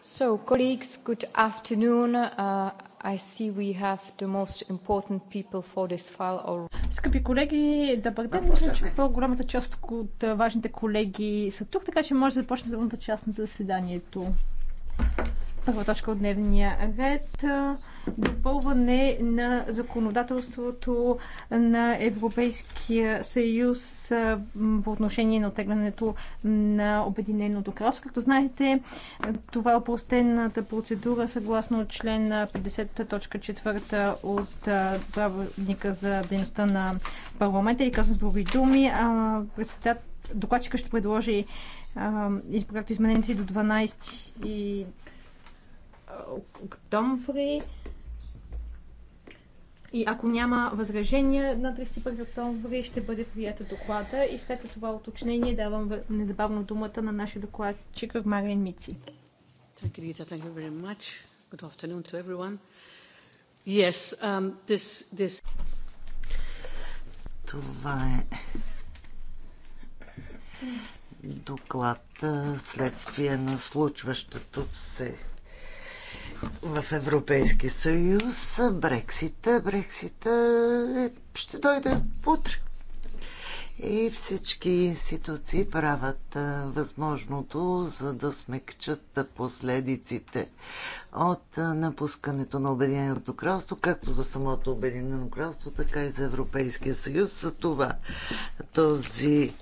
So, colleagues, good afternoon. Uh, I see we have the most important people for this file already. Скъпи колеги, добър ден. Мисля, че по-голямата част от важните колеги са тук, така че може да започнем за част на заседанието. Първа точка от дневния ред. Uh, допълване на законодателството на Европейския съюз по отношение на отеглянето на Обединеното кралство. Както знаете, това е опростената процедура съгласно член 50.4 от правилника за дейността на парламента или казвам с други думи. Председател докладчика ще предложи проекто до 12 и октомври. И ако няма възражения, на 31 октомври ще бъде прията доклада и след това уточнение давам незабавно думата на нашия докладчик Марин Мици. Thank you, Rita. Thank you very much. Good afternoon to everyone. Yes, um, this, this... Това е доклад следствие на случващото се в Европейския съюз. Брексита, Брексита е, ще дойде утре. И всички институции правят а, възможното, за да смекчат последиците от а, напускането на Обединеното кралство, както за самото Обединено кралство, така и за Европейския съюз. За това този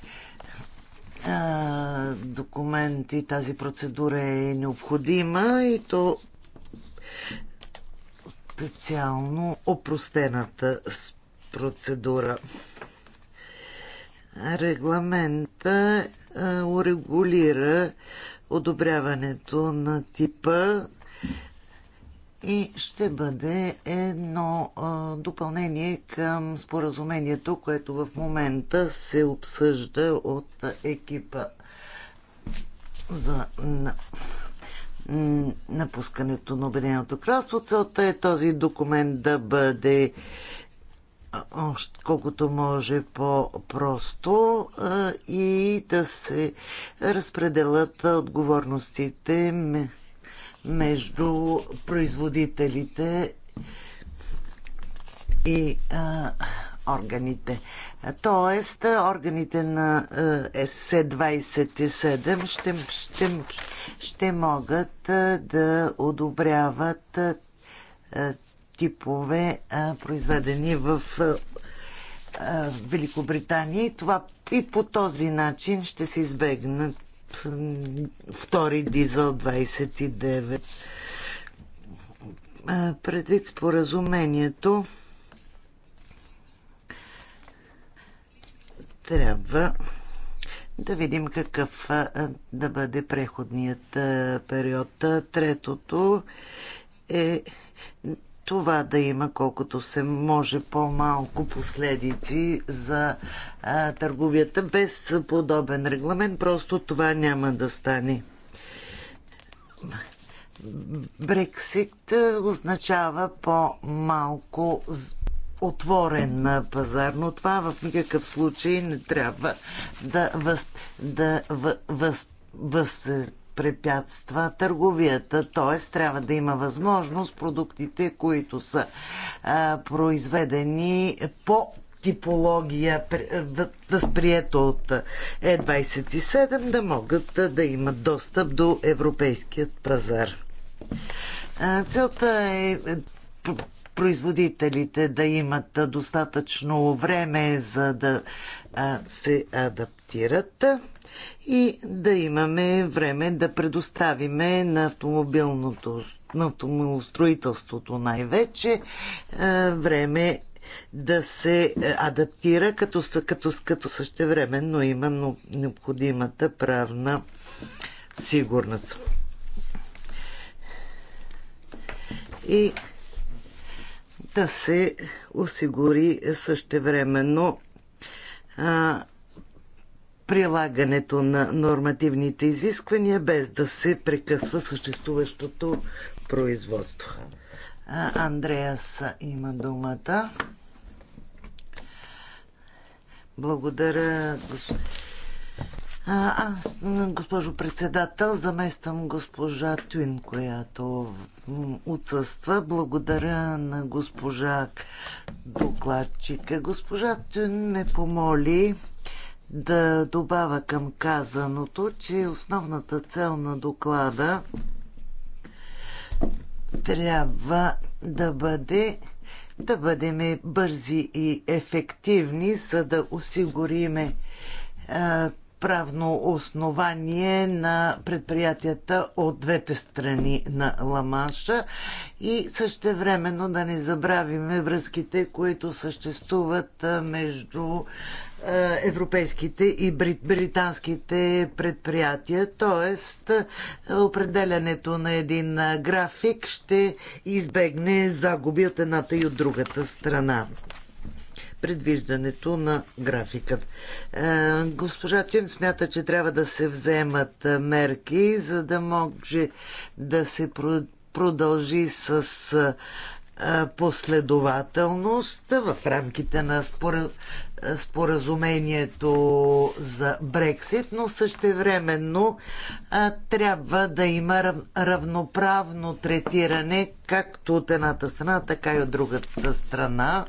а, документ и тази процедура е необходима и то специално опростената процедура. Регламента урегулира одобряването на типа и ще бъде едно допълнение към споразумението, което в момента се обсъжда от екипа за напускането на Обединеното кралство. Целта е този документ да бъде още колкото може по-просто и да се разпределят отговорностите между производителите и органите. Тоест, органите на е, СС-27 ще, ще, ще могат е, да одобряват е, типове, произведени в Великобритания и, това, и по този начин ще се избегнат втори дизел 29. Предвид споразумението, трябва да видим какъв да бъде преходният период. Третото е това да има колкото се може по-малко последици за а, търговията без подобен регламент. Просто това няма да стане. Брексит означава по-малко отворен пазар, но това в никакъв случай не трябва да, въз, да въз, въз, въз препятства търговията, т.е. трябва да има възможност продуктите, които са а, произведени по типология, възприета от Е27, да могат да имат достъп до европейският пазар. Целта е производителите да имат достатъчно време за да се адаптират и да имаме време да предоставиме на автомобилното на автомобилостроителството най-вече време да се адаптира, като, като, като същевременно има необходимата правна сигурност. И да се осигури същевременно а, прилагането на нормативните изисквания, без да се прекъсва съществуващото производство. А, Андреас има думата. Благодаря, Аз, госпожо председател, замествам госпожа Тюин, която отсъства. Благодаря на госпожа докладчика. Госпожа Тюн ме помоли да добавя към казаното, че основната цел на доклада трябва да бъде да бъдем бързи и ефективни, за да осигуриме правно основание на предприятията от двете страни на Ламанша и също времено да не забравим връзките, които съществуват между европейските и британските предприятия. Тоест, определянето на един график ще избегне загуби от едната и от другата страна предвиждането на графикът. Е, госпожа Тюн смята, че трябва да се вземат е, мерки, за да може да се продължи с е, последователност в рамките на споразумението за Брексит, но същевременно а, трябва да има равноправно третиране както от едната страна, така и от другата страна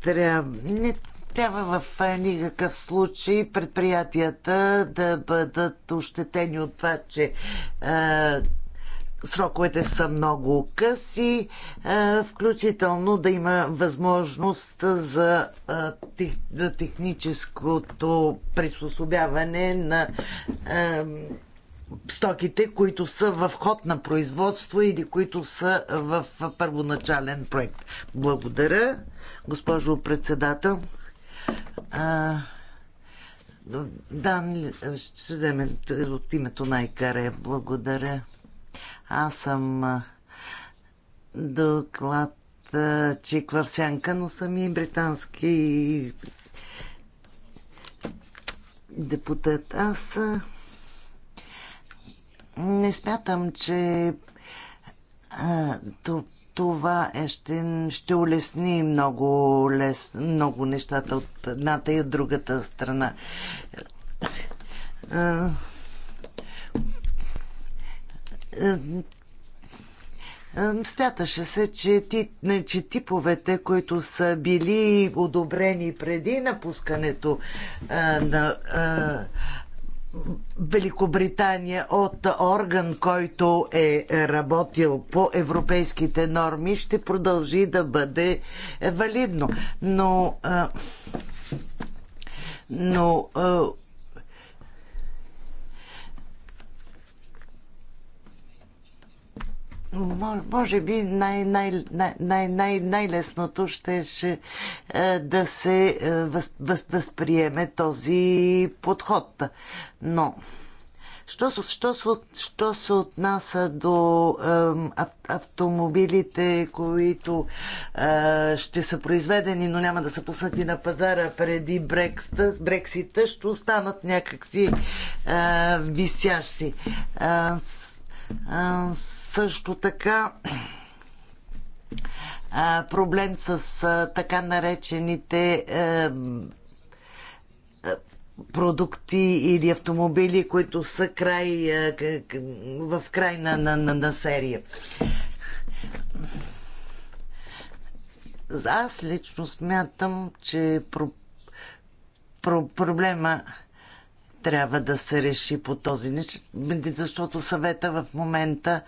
трябва, не трябва в никакъв случай предприятията да бъдат ощетени от това, че а, сроковете са много къси, а, включително да има възможност за, е, за техническото приспособяване на А, стоките, които са в ход на производство или които са в първоначален проект. Благодаря госпожо председател. А, Дан, ще вземе от името на Икаре. Благодаря. Аз съм доклад Чик в сянка, но съм и британски депутат. Аз не смятам, че а, то това е, ще, ще улесни много, лес, много нещата от едната и от другата страна. Смяташе се, че, ти, че типовете, които са били одобрени преди напускането а, на а, Великобритания от орган, който е работил по европейските норми, ще продължи да бъде валидно. Но, но може би най-лесното най, най, най, най ще, ще е, да се е, въз, въз, възприеме този подход. Но, що, що, що се отнася до е, автомобилите, които е, ще са произведени, но няма да са пуснати на пазара преди брекста, Брексита, ще останат някакси е, висящи. Е, също така проблем с така наречените е, е, продукти или автомобили, които са край, е, в край на, на, на, на серия. Аз лично смятам, че про, про, проблема трябва да се реши по този начин, защото съвета в момента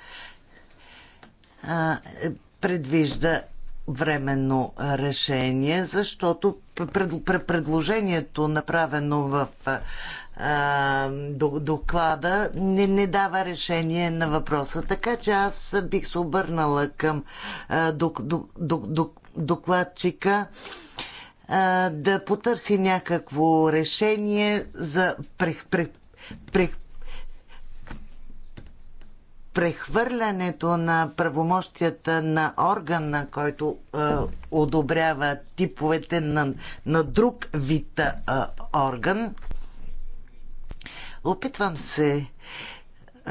а, е, предвижда временно решение, защото предложението, направено в а, доклада, не, не дава решение на въпроса. Така че аз бих се обърнала към а, док, док, док, докладчика да потърси някакво решение за прех, прех, прех, прехвърлянето на правомощията на органа, който е, одобрява типовете на, на друг вид е, орган. Опитвам се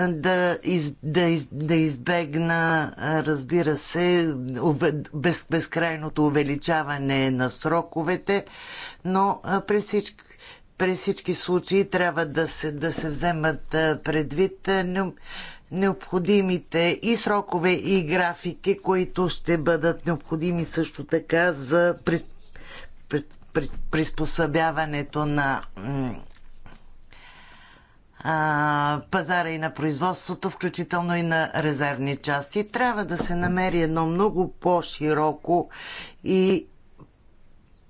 да, из, да, из, да избегна, разбира се, без, безкрайното увеличаване на сроковете, но при всички, при всички случаи трябва да се, да се вземат предвид необходимите и срокове и графики, които ще бъдат необходими също така за при, при, приспособяването на а, пазара и на производството, включително и на резервни части. Трябва да се намери едно много по-широко и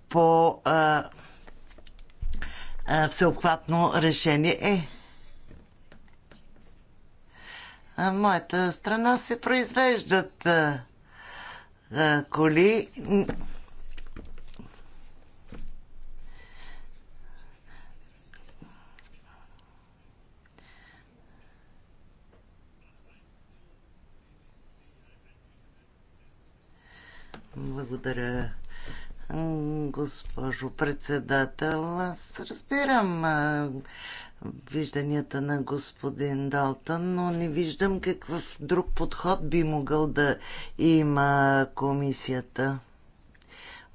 по а, а, всеобхватно решение. Е, а, моята страна се произвеждат а, а, коли. Благодаря, госпожо председател. Аз разбирам вижданията на господин Далтън, но не виждам какъв друг подход би могъл да има комисията.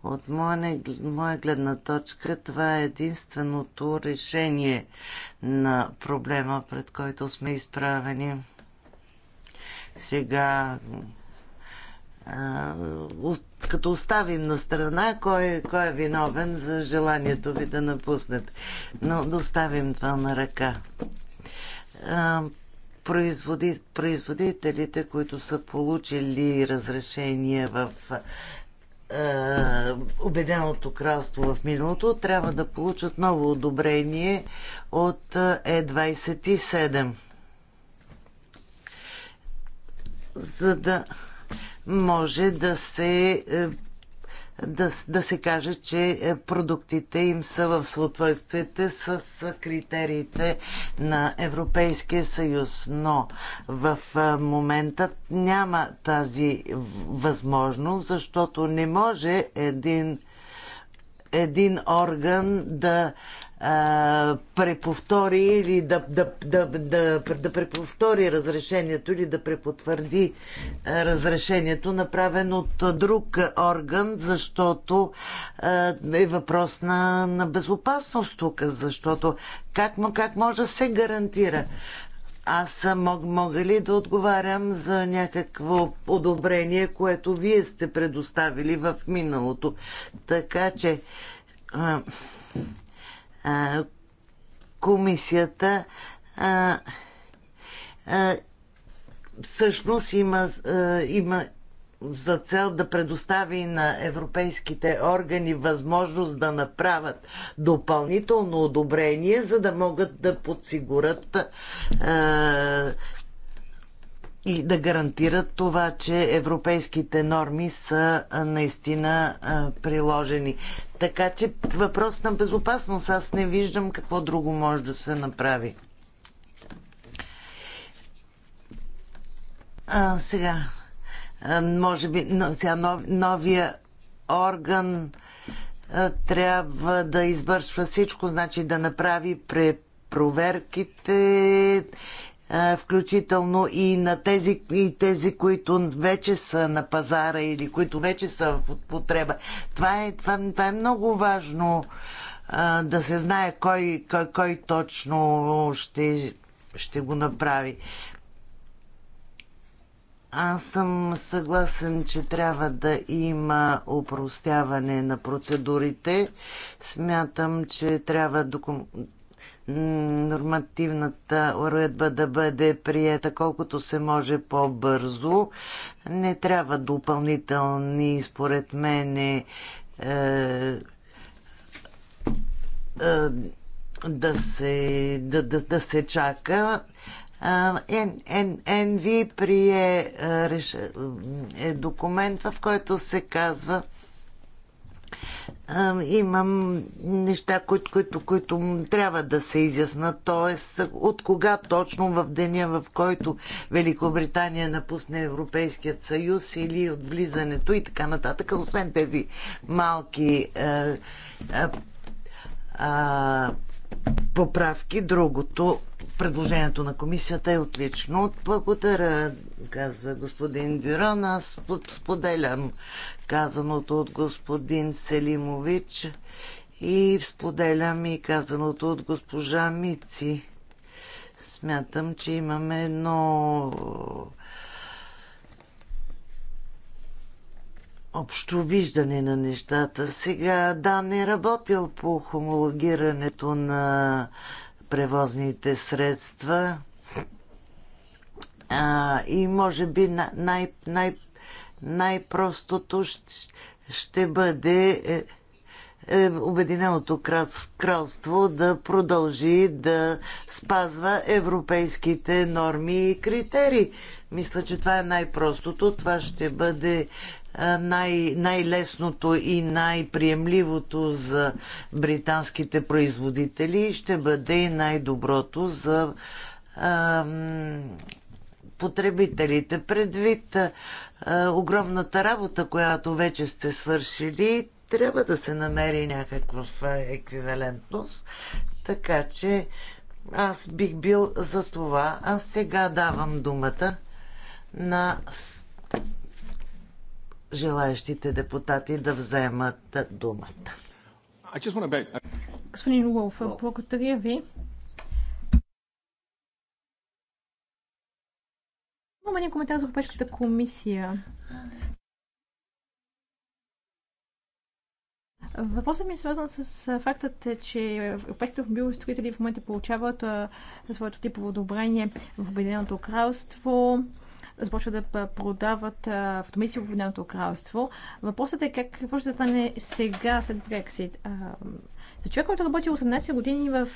От моя, моя гледна точка това е единственото решение на проблема, пред който сме изправени. Сега като оставим на страна кой, кой е виновен за желанието ви да напуснете. Но доставим това на ръка. Производи, производителите, които са получили разрешение в Обеденото кралство в миналото, трябва да получат ново одобрение от Е27. За да може да се е, да, да се каже, че е, продуктите им са в съответствие с е, критериите на Европейския съюз. Но в момента няма тази възможност, защото не може един, един орган да а, преповтори или да, да, да, да, да преповтори разрешението или да препотвърди разрешението, направено от друг орган, защото а, е въпрос на, на безопасност тук, защото как, как може да се гарантира? Аз мог, мога ли да отговарям за някакво одобрение, което вие сте предоставили в миналото? Така че. А, а, комисията а, а, всъщност има, а, има за цел да предостави на европейските органи възможност да направят допълнително одобрение, за да могат да подсигурят а, и да гарантират това, че европейските норми са наистина приложени. Така че въпрос на безопасност. Аз не виждам какво друго може да се направи. А, сега, а, може би, но, сега нов, новия орган а, трябва да извършва всичко, значи да направи пре, проверките, включително и на тези, и тези, които вече са на пазара или които вече са в употреба. Това е, това, това е много важно да се знае кой, кой, кой точно ще, ще го направи. Аз съм съгласен, че трябва да има упростяване на процедурите. Смятам, че трябва докум нормативната уредба да бъде приета колкото се може по-бързо. Не трябва допълнителни, според мен, е, е, е да, се, да, да, да се чака. НВ прие е, е документ, в който се казва, имам неща, които, които, които трябва да се изяснат, т.е. от кога точно в деня, в който Великобритания напусне Европейският съюз или от влизането и така нататък, освен тези малки а, а, а, поправки, другото предложението на комисията е отлично. Благодаря, казва господин Дюран. Аз споделям казаното от господин Селимович и споделям и казаното от госпожа Мици. Смятам, че имаме едно общо виждане на нещата. Сега, да, не е работил по хомологирането на превозните средства а, и може би най- най- най- най-простото ще, ще бъде е, е, Обединеното кралство да продължи да спазва европейските норми и критерии. Мисля, че това е най-простото. Това ще бъде най- най-лесното и най-приемливото за британските производители. Ще бъде и най-доброто за потребителите. Предвид а, огромната работа, която вече сте свършили, трябва да се намери някаква еквивалентност. Така че аз бих бил за това. Аз сега давам думата на желаящите депутати да вземат думата. Господин Уолф, благодаря ви. Имаме един коментар за Европейската комисия. Въпросът ми е свързан с фактът, че европейските строители в момента получават своето типово одобрение в Обединеното кралство започват да продават автомобили в Обединеното кралство. Въпросът е как, какво ще стане сега след Брексит. За човек, който работи 18 години в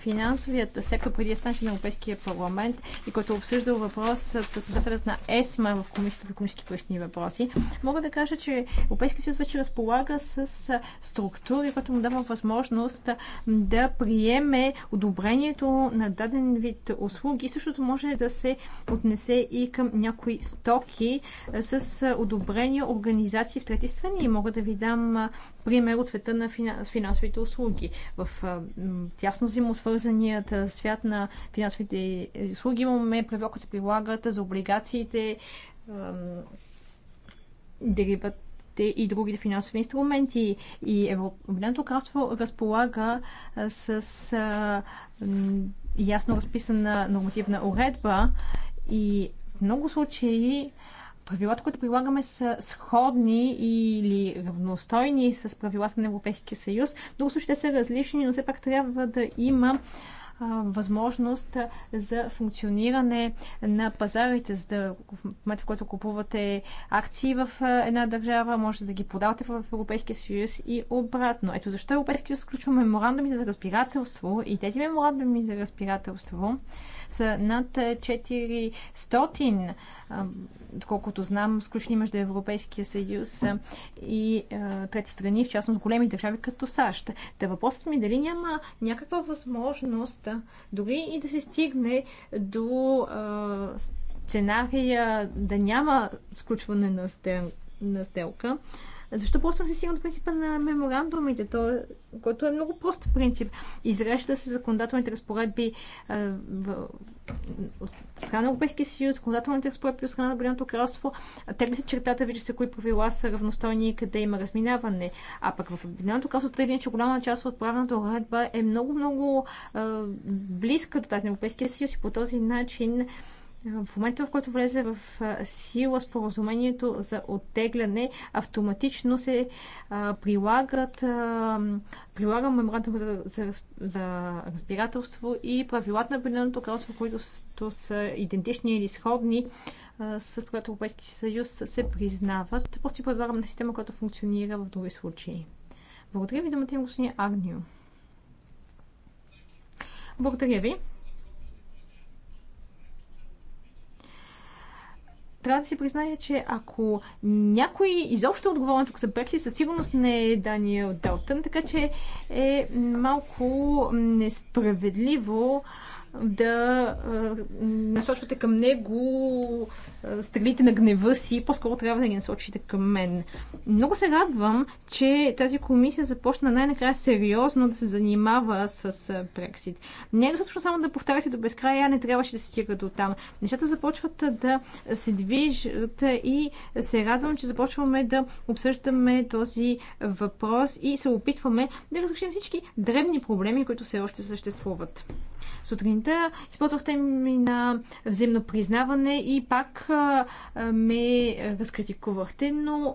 финансовият сектор преди станеше на Европейския парламент и който е обсъждал въпрос с председателят на ЕСМА в Комисията по економически пръщни въпроси, мога да кажа, че Европейския съюз вече разполага с структури, която му дава възможност да приеме одобрението на даден вид услуги. Същото може да се отнесе и към някои стоки с одобрение организации в трети страни. Мога да ви дам пример от света на финансовите услуги услуги. В тясно взаимосвързаният свят на финансовите услуги имаме правила, които се прилагат за облигациите, дериват и другите финансови инструменти. И Обединеното кралство разполага с ясно разписана нормативна уредба и в много случаи правилата, които прилагаме, са сходни или равностойни с правилата на Европейския съюз. Много случаи те са различни, но все пак трябва да има възможност за функциониране на пазарите, за да в момента, в който купувате акции в една държава, може да ги подавате в Европейския съюз и обратно. Ето защо Европейския съюз включва меморандуми за разбирателство и тези меморандуми за разбирателство са над 400 доколкото знам, сключени между Европейския съюз и трети страни, в частност големи държави като САЩ. Та въпросът ми е дали няма някаква възможност, дори и да се стигне до сценария да няма сключване на, стел, на сделка, защо просто не се стигна до принципа на меморандумите, то, е- който е много прост принцип. Изреща се законодателните разпоредби в, от страна на Европейския съюз, законодателните разпоредби от страна на Бриното кралство, тегли се чертата, вижда се кои правила са равностойни и къде има разминаване. А пък в Бриното кралство, тъй че голяма част от правната уредба е много-много близка до тази на Европейския съюз и по този начин в момента, в който влезе в сила споразумението за оттегляне, автоматично се прилагат прилага меморандум за, за, за разбирателство и правилата на Обединеното кралство, които са идентични или сходни с която Европейски съюз, се признават. Просто предлагам на система, която функционира в други случаи. Благодаря ви, думата господин Агнио. Благодаря ви. трябва да си призная, че ако някой изобщо е отговорен тук за Брекси, със сигурност не е Даниел Далтън, така че е малко несправедливо да насочвате към него стрелите на гнева си, по-скоро трябва да ги насочите към мен. Много се радвам, че тази комисия започна най-накрая сериозно да се занимава с Брексит. Не е достатъчно само да повтаряте до безкрая, не трябваше да се стига до там. Нещата започват да се движат и се радвам, че започваме да обсъждаме този въпрос и се опитваме да разрешим всички древни проблеми, които все още съществуват. Сутрин момента. използвахте ми на взаимно признаване и пак ме разкритикувахте, но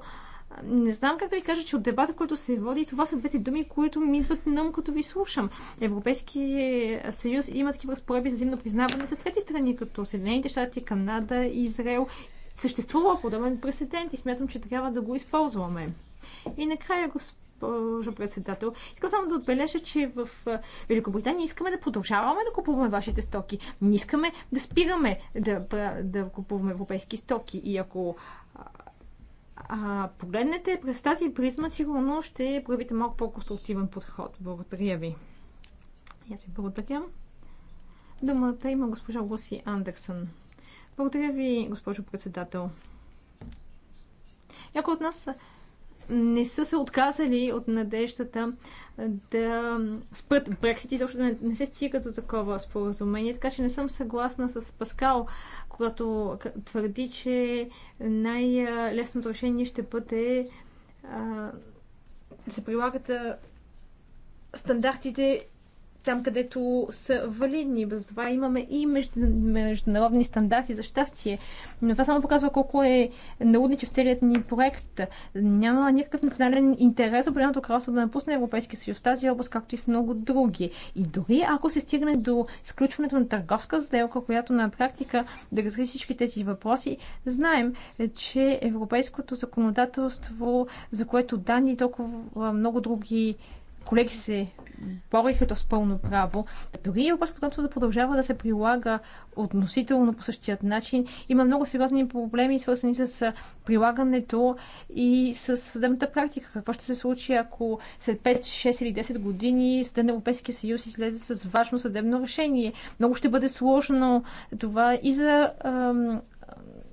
не знам как да ви кажа, че от дебата, който се води, това са двете думи, които ми идват на ум, като ви слушам. Европейски съюз има такива разпореби за взаимно признаване с трети страни, като Съединените щати, Канада, Израел. Съществува подобен прецедент и смятам, че трябва да го използваме. И накрая, господин госпожо председател. Искам само да отбележа, че в Великобритания искаме да продължаваме да купуваме вашите стоки. Не искаме да спираме да, да купуваме европейски стоки. И ако а, погледнете през тази призма, сигурно ще проявите малко по-конструктивен подход. Благодаря ви. Аз ви благодаря. Думата има госпожа Луси Андерсън. Благодаря ви, госпожо председател. Някои от нас не са се отказали от надеждата да спрат Брексит и защо да не се стига до такова споразумение. Така че не съм съгласна с Паскал, когато твърди, че най-лесното решение ще бъде да се прилагат стандартите там, където са валидни. Затова това имаме и международни стандарти за щастие. Но това само показва колко е наудничев целият ни проект. Няма никакъв национален интерес Обединеното кралство да напусне Европейския съюз в тази област, както и в много други. И дори ако се стигне до сключването на търговска сделка, която на практика да разреши всички тези въпроси, знаем, че европейското законодателство, за което данни толкова много други колеги се бориха то с пълно право. Дори обаче когато да продължава да се прилага относително по същият начин. Има много сериозни проблеми, свързани с прилагането и с съдебната практика. Какво ще се случи, ако след 5, 6 или 10 години Съден Европейския съюз излезе с важно съдебно решение? Много ще бъде сложно това и за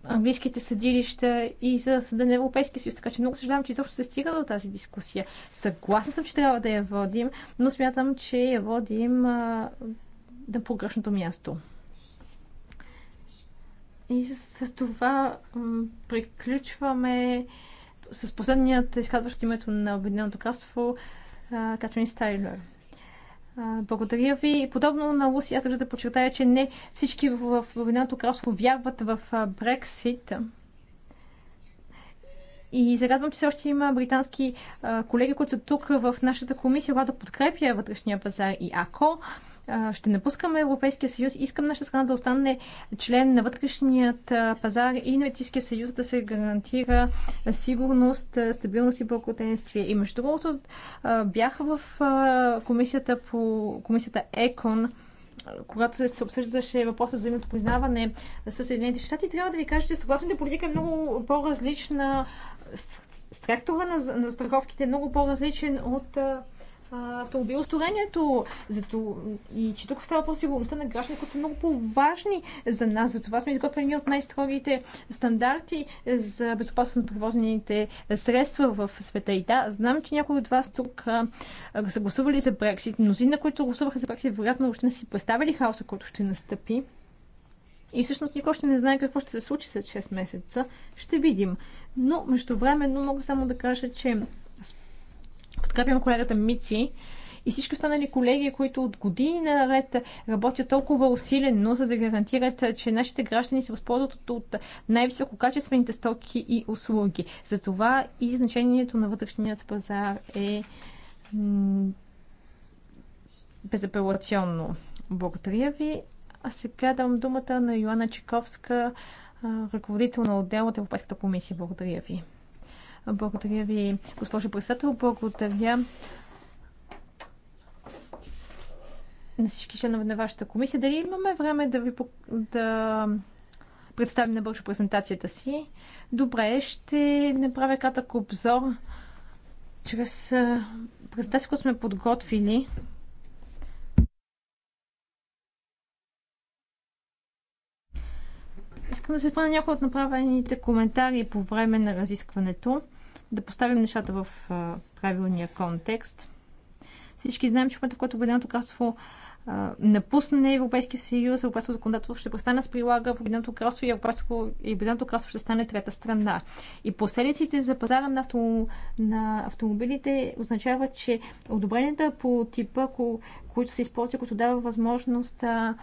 английските съдилища и за съда на Европейския съюз. Така че много съжалявам, че изобщо се стига до тази дискусия. Съгласна съм, че трябва да я водим, но смятам, че я водим а, на погрешното място. И с това приключваме с последният изказващ името на Обединеното кралство Катрин Стайлер. Благодаря ви. Подобно на Луси, аз да подчертая, че не всички в Обединеното кралство вярват в Брексит. И се радвам, че все още има британски колеги, които са тук в нашата комисия, която подкрепя вътрешния пазар. И ако ще напускаме Европейския съюз. Искам нашата страна да остане член на вътрешният пазар и на Етическия съюз да се гарантира сигурност, стабилност и благоденствие. И между другото, бях в комисията по комисията ЕКОН когато се обсъждаше въпросът за взаимното признаване с Съединените щати, трябва да ви кажа, че съгласната политика е много по-различна. страхтова на, на страховките е много по-различен от Автомобилосторението Зато... И че тук става по сигурността на граждани, които са много по-важни за нас. Затова сме изготвени от най-строгите стандарти за безопасност на превозените средства в света. И да, знам, че някои от вас тук а, са гласували за Брексит. Мнозина, които гласуваха за Брексит, вероятно още не си представили хаоса, който ще настъпи. И всъщност никой още не знае какво ще се случи след 6 месеца. Ще видим. Но междувременно мога само да кажа, че Подкрепям колегата Мици и всички останали колеги, които от години наред работят толкова усилено, за да гарантират, че нашите граждани се възползват от най-висококачествените стоки и услуги. Затова и значението на вътрешният пазар е безапелационно. Благодаря ви. А сега давам думата на Йоанна Чековска, ръководител на отдел от Европейската комисия. Благодаря ви. Благодаря ви, госпожо председател. Благодаря на всички членове на вашата комисия. Дали имаме време да ви да представим набързо презентацията си? Добре, ще направя кратък обзор чрез презентация, която сме подготвили. Искам да се спомня някои от направените коментари по време на разискването, да поставим нещата в правилния контекст. Всички знаем, че в момента, когато Обединеното кралство напусне Европейския съюз, Европейското законодателство ще престане с прилага в Обединеното кралство и Обединеното кралство ще стане трета страна. И последиците за пазара на, авто, на автомобилите означават, че одобренията по типа, ако които се използват, които дава възможност а,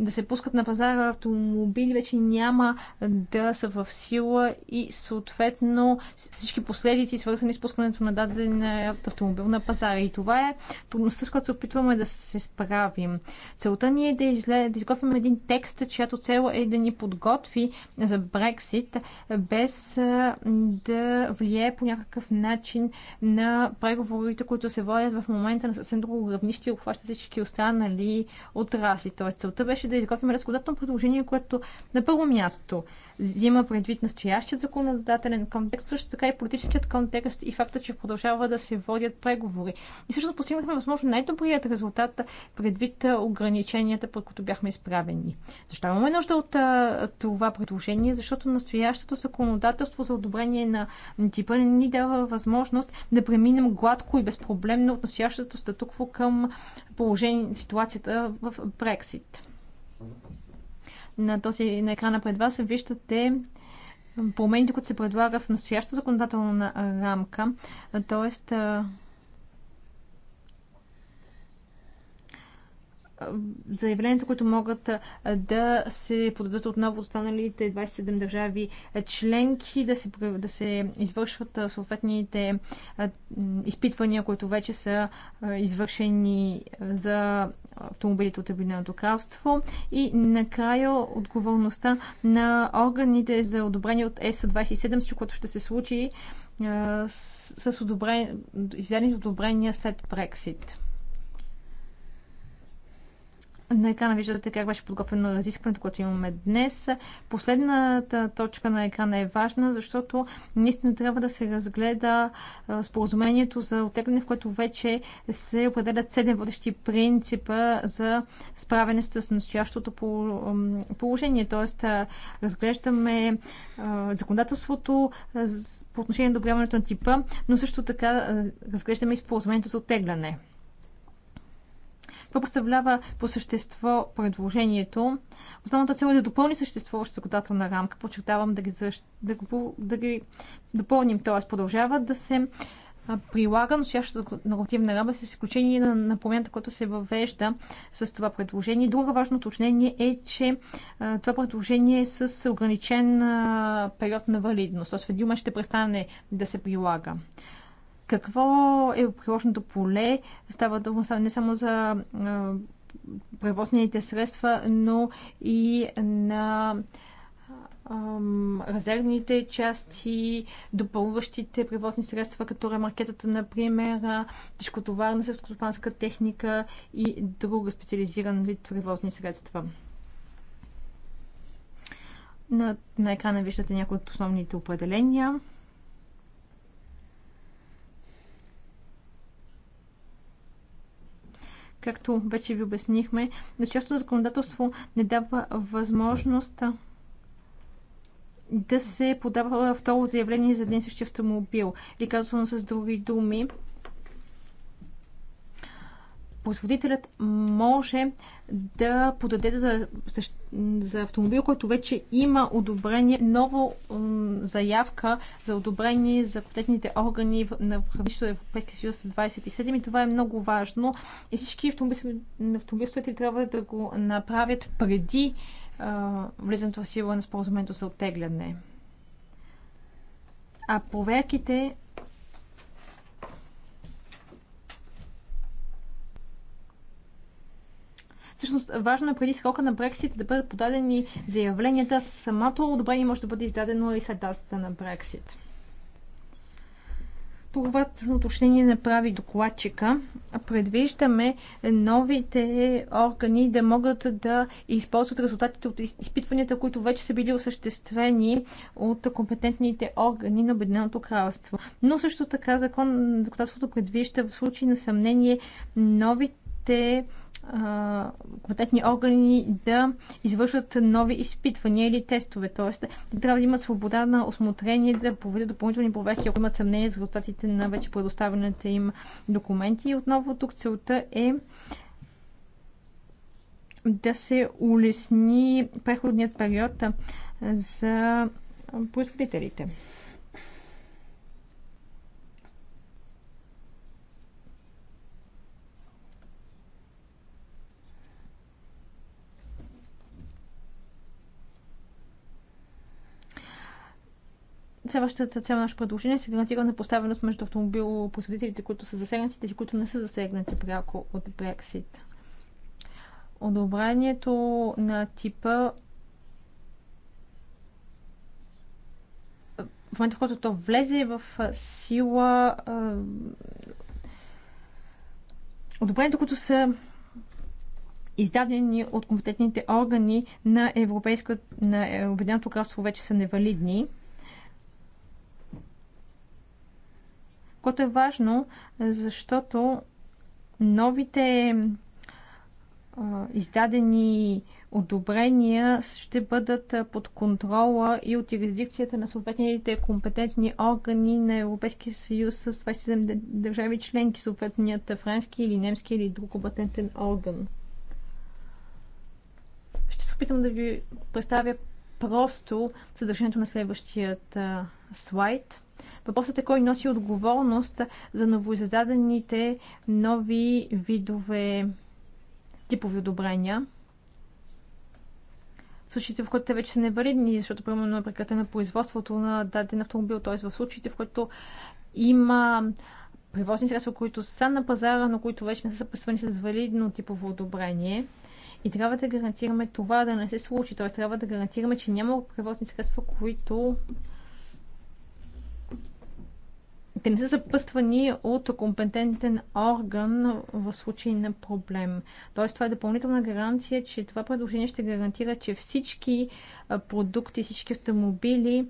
да се пускат на пазара автомобили, вече няма да са в сила и съответно всички последици, свързани с пускането на даден автомобил на пазара. И това е трудността, с която се опитваме да се справим. Целта ни е да, излед... да изготвим един текст, чиято цел е да ни подготви за Брексит, без а, да влияе по някакъв начин на преговорите, които се водят в момента на съвсем друго равнище и обхващат всички останали отрасли. Тоест, целта беше да изготвим разходателно предложение, което на първо място взима предвид настоящият законодателен контекст, също така и политическият контекст и факта, че продължава да се водят преговори. И всъщност постигнахме възможно най-добрият резултат предвид ограниченията, под които бяхме изправени. Защо имаме нужда от а, това предложение? Защото настоящото законодателство за одобрение на типа не ни дава възможност да преминем гладко и безпроблемно от настоящото статукво към по положение, ситуацията в Брексит. На, този, на екрана пред вас виждате промените, които се предлага в настоящата законодателна рамка, т.е. заявлението, които могат да се подадат отново от останалите 27 държави членки, да се, да се извършват съответните изпитвания, които вече са извършени за автомобилите от Обединеното кралство. И накрая отговорността на органите за одобрение от ЕСА 27 което ще се случи с, с одобрение, одобрения след Брексит. На екрана виждате как беше подготвено разискването, което имаме днес. Последната точка на екрана е важна, защото наистина трябва да се разгледа споразумението за отегляне, в което вече се определят седем водещи принципа за справяне с настоящото положение. Тоест, разглеждаме законодателството по отношение на добряването на типа, но също така разглеждаме и споразумението за отегляне. Какво представлява по същество предложението? Основната цел е да допълни съществуваща законодателна рамка. Почертавам да ги, защ... да, го... да ги допълним, т.е. продължава да се прилага настоящата нормативна рамка с изключение на, на промяната, която се въвежда с това предложение. Друга важно уточнение е, че а, това предложение е с ограничен а, период на валидност. Т.е. в един ще престане да се прилага какво е приложното поле. Става дума не само за превозните средства, но и на резервните части, допълващите превозни средства, като ремаркетата, например, тежкотоварна селскостопанска техника и друга специализиран вид превозни средства. На, на екрана виждате някои от основните определения. Както вече ви обяснихме, защото законодателство не дава възможност да се подава второ заявление за един същи автомобил. Или казвам с други думи, производителят може да подаде за, за автомобил, който вече има одобрение, ново заявка за одобрение за патентните органи на правителството Европейски Европейския съюз 27 и това е много важно и всички автомобилистите трябва да го направят преди а, влизането в сила на споразумението за оттегляне. А проверките Всъщност, важно е преди срока на Брексит да бъдат подадени заявленията. Самото одобрение може да бъде издадено и след датата на Брексит. Това уточнение направи докладчика. Предвиждаме новите органи да могат да използват резултатите от изпитванията, които вече са били осъществени от компетентните органи на Обединеното кралство. Но също така закон, на предвижда в случай на съмнение новите компетентни органи да извършват нови изпитвания или тестове. Тоест, трябва да имат свобода на осмотрение, да проведат допълнителни проверки, ако имат съмнение за резултатите на вече предоставените им документи. И отново тук целта е да се улесни преходният период за производителите. Следващата цел наше предложение е се гарантира на поставеност между автомобилопроизводителите, които са засегнати и тези, които не са засегнати пряко от Брексит. Одобрението на типа в момента, в който то влезе в сила одобрението, които са издадени от компетентните органи на, Европейското на Обединеното кралство вече са невалидни. което е важно, защото новите издадени одобрения ще бъдат под контрола и от юрисдикцията на съответните компетентни органи на Европейския съюз с 27 държави членки, съответният френски или немски или друг компетентен орган. Ще се опитам да ви представя просто съдържанието на следващият слайд – Въпросът е кой носи отговорност за новозададените нови видове типови одобрения. В случаите, в които те вече са невалидни, защото, примерно, е прекратено производството на даден автомобил, т.е. в случаите, в които има превозни средства, които са на пазара, но които вече не са съпресвани с валидно типово одобрение. И трябва да гарантираме това да не се случи. Т.е. трябва да гарантираме, че няма превозни средства, които те не са запъствани от компетентен орган в случай на проблем. Тоест това е допълнителна гаранция, че това предложение ще гарантира, че всички продукти, всички автомобили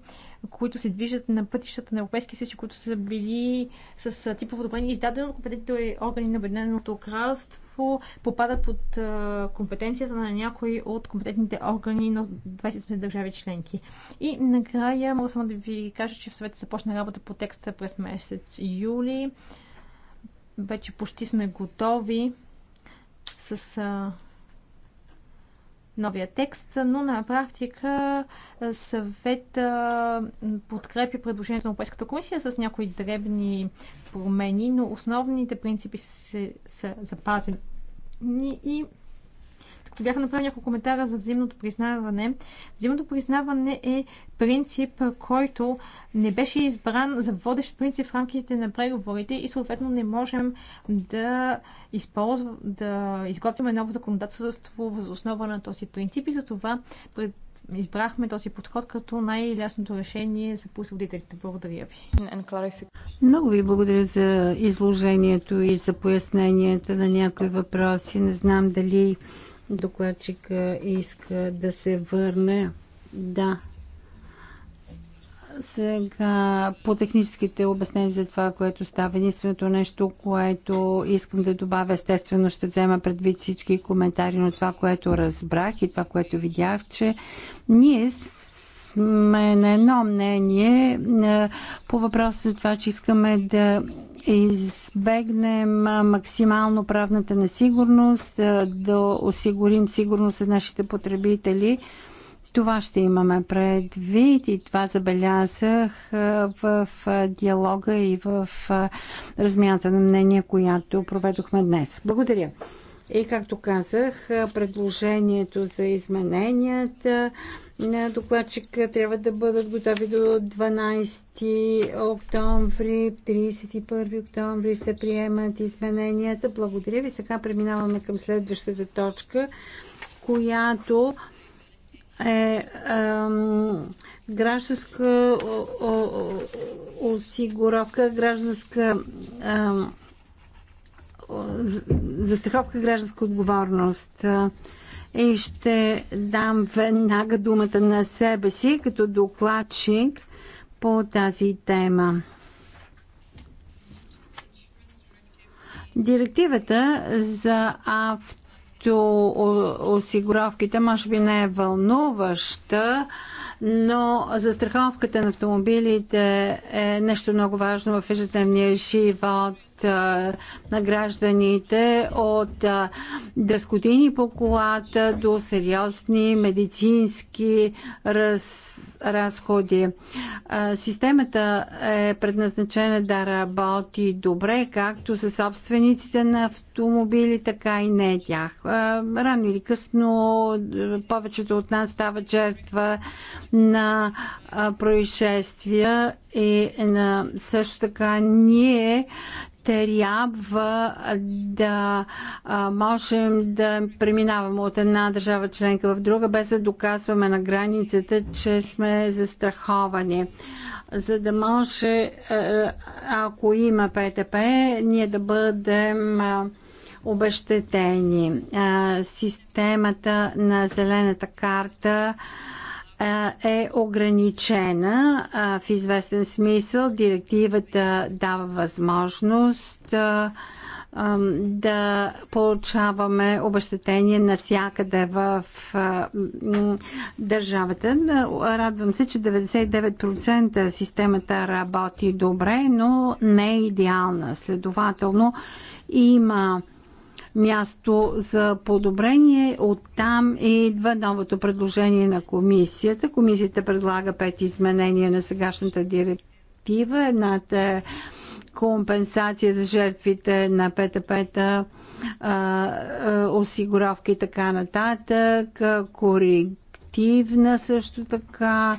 които се движат на пътищата на Европейския съюз, които са били с типово одобрение издадено от компетентните органи на Обединеното кралство, попадат под компетенцията на някои от компетентните органи на 27 държави членки. И накрая мога само да ви кажа, че в съвета започна работа по текста през месец юли. Вече почти сме готови с новия текст, но на практика съвет подкрепи предложението на Европейската комисия с някои дребни промени, но основните принципи са запазени и бяха направени няколко коментара за взаимното признаване. Взаимното признаване е принцип, който не беше избран за водещ принцип в рамките на преговорите и съответно не можем да, използва, да изготвяме ново законодателство въз основа на този принцип и за това пред избрахме този подход като най-лясното решение за производителите. Благодаря ви. Много ви благодаря за изложението и за поясненията на някои въпроси. Не знам дали Докладчика иска да се върне. Да. Сега по техническите обяснения за това, което става, единственото нещо, което искам да добавя, естествено ще взема предвид всички коментари, но това, което разбрах и това, което видях, че ние сме на едно мнение е, по въпроса за това, че искаме да избегнем максимално правната несигурност, да осигурим сигурност за нашите потребители. Това ще имаме предвид и това забелязах в диалога и в размяната на мнение, която проведохме днес. Благодаря. И както казах, предложението за измененията на докладчика трябва да бъдат готови до 12 октомври, 31 октомври се приемат измененията. Благодаря ви. Сега преминаваме към следващата точка, която е ам, гражданска о, о, о, осигуровка, гражданска ам, застраховка гражданска отговорност. И ще дам веднага думата на себе си като докладчик по тази тема. Директивата за автоосигуровките може би не е вълнуваща, но застраховката на автомобилите е нещо много важно в ежедневния живот на гражданите от дръскотини по колата до сериозни медицински раз, разходи. Системата е предназначена да работи добре, както с собствениците на автомобили, така и не тях. Рано или късно повечето от нас стават жертва на происшествия и на също така ние трябва да можем да преминаваме от една държава членка в друга, без да доказваме на границата, че сме застраховани за да може, ако има ПТП, ние да бъдем обещетени. Системата на зелената карта е ограничена в известен смисъл. Директивата дава възможност да получаваме обещетение навсякъде в държавата. Радвам се, че 99% системата работи добре, но не е идеална. Следователно има място за подобрение. Оттам идва новото предложение на комисията. Комисията предлага пет изменения на сегашната директива. Едната е компенсация за жертвите на ПТП-та, осигуровки и така нататък, корективна също така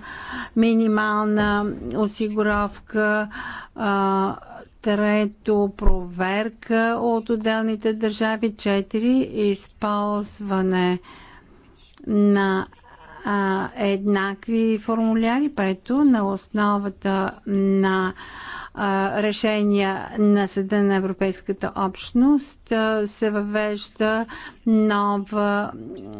минимална осигуровка а, трето проверка от отделните държави, четири използване на а, еднакви формуляри, пето на основата на а, решения на Съда на Европейската общност а, се въвежда нова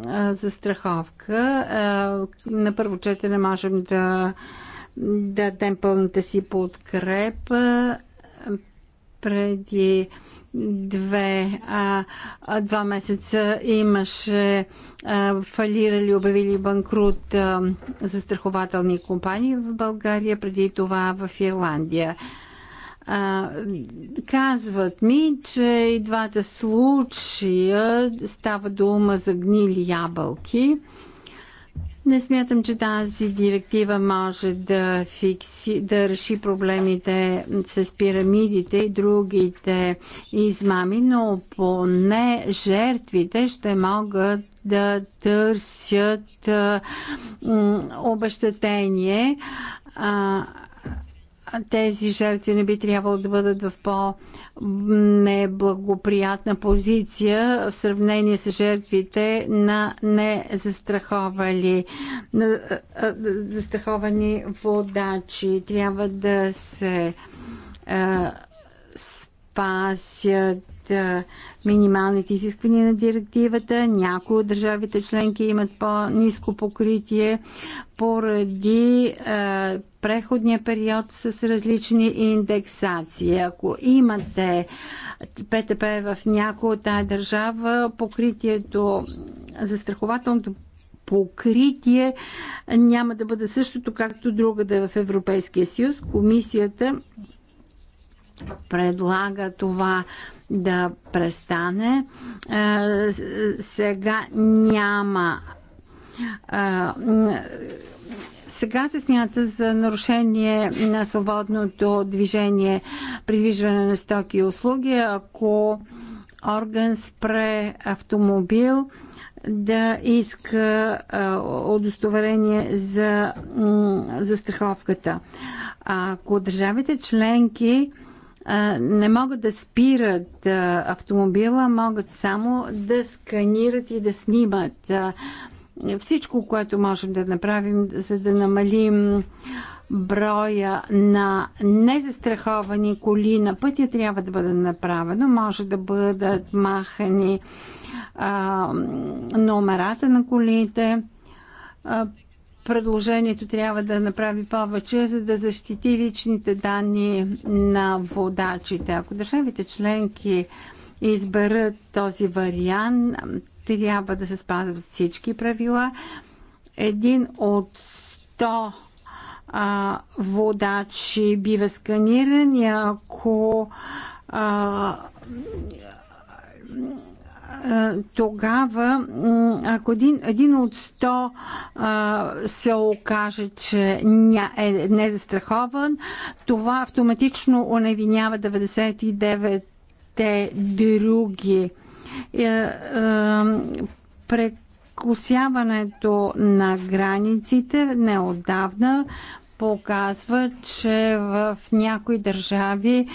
а, застраховка. А, на първо четене можем да дадем пълната си подкрепа преди две, а, два месеца имаше а, фалирали, обявили банкрут а, страхователни компании в България, преди това в Ирландия. А, казват ми, че и двата случая става дума за гнили ябълки. А, не смятам, че тази директива може да, фикси, да реши проблемите с пирамидите и другите измами, но поне жертвите ще могат да търсят обещатение тези жертви не би трябвало да бъдат в по-неблагоприятна позиция в сравнение с жертвите на незастраховали застраховани водачи. Трябва да се спасят минималните изисквания на директивата. Някои от държавите членки имат по-низко покритие поради преходния период с различни индексации. Ако имате ПТП в някоя от тая държава, покритието, застрахователното покритие няма да бъде същото, както е в Европейския съюз. Комисията предлага това да престане. Е, сега няма. Е, сега се смята за нарушение на свободното движение, придвижване на стоки и услуги, ако орган спре автомобил да иска е, удостоверение за застраховката. Ако държавите членки не могат да спират автомобила, могат само да сканират и да снимат. Всичко, което можем да направим, за да намалим броя на незастраховани коли на пътя трябва да бъде направено. Може да бъдат махани а, номерата на колите. А, предложението трябва да направи повече, за да защити личните данни на водачите. Ако държавите членки изберат този вариант, трябва да се спазват всички правила. Един от 100 а, водачи бива сканиран и ако а, е, тогава, ако един, един от 100 е, се окаже, че ня, е незастрахован, това автоматично оневинява 99-те други. Е, прекусяването на границите неодавна показва, че в някои държави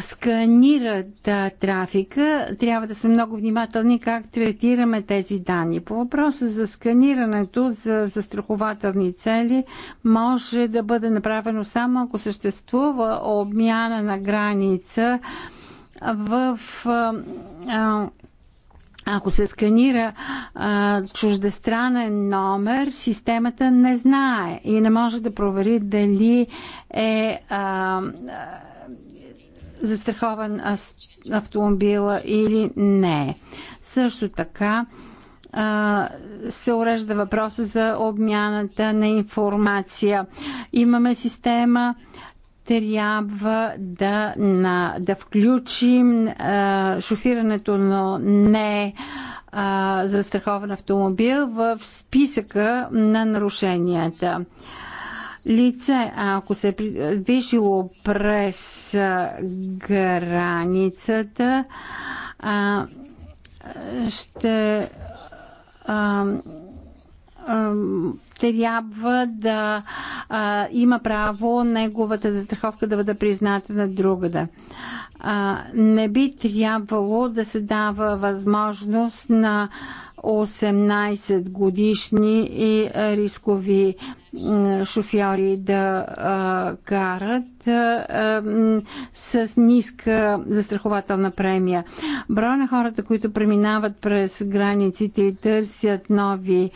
сканират а, трафика, трябва да сме много внимателни как третираме тези данни. По въпроса за сканирането за застрахователни цели може да бъде направено само ако съществува обмяна на граница в а, а, ако се сканира а, чуждестранен номер, системата не знае и не може да провери дали е а, застрахован автомобил или не. Също така се урежда въпроса за обмяната на информация. Имаме система, трябва да, на, да включим шофирането на не застрахован автомобил в списъка на нарушенията лице, ако се е движило през границата, а, ще а, а, трябва да а, има право неговата застраховка да бъде призната на другата. не би трябвало да се дава възможност на 18 годишни и рискови шофьори да карат с ниска застрахователна премия. Броя на хората, които преминават през границите и търсят нови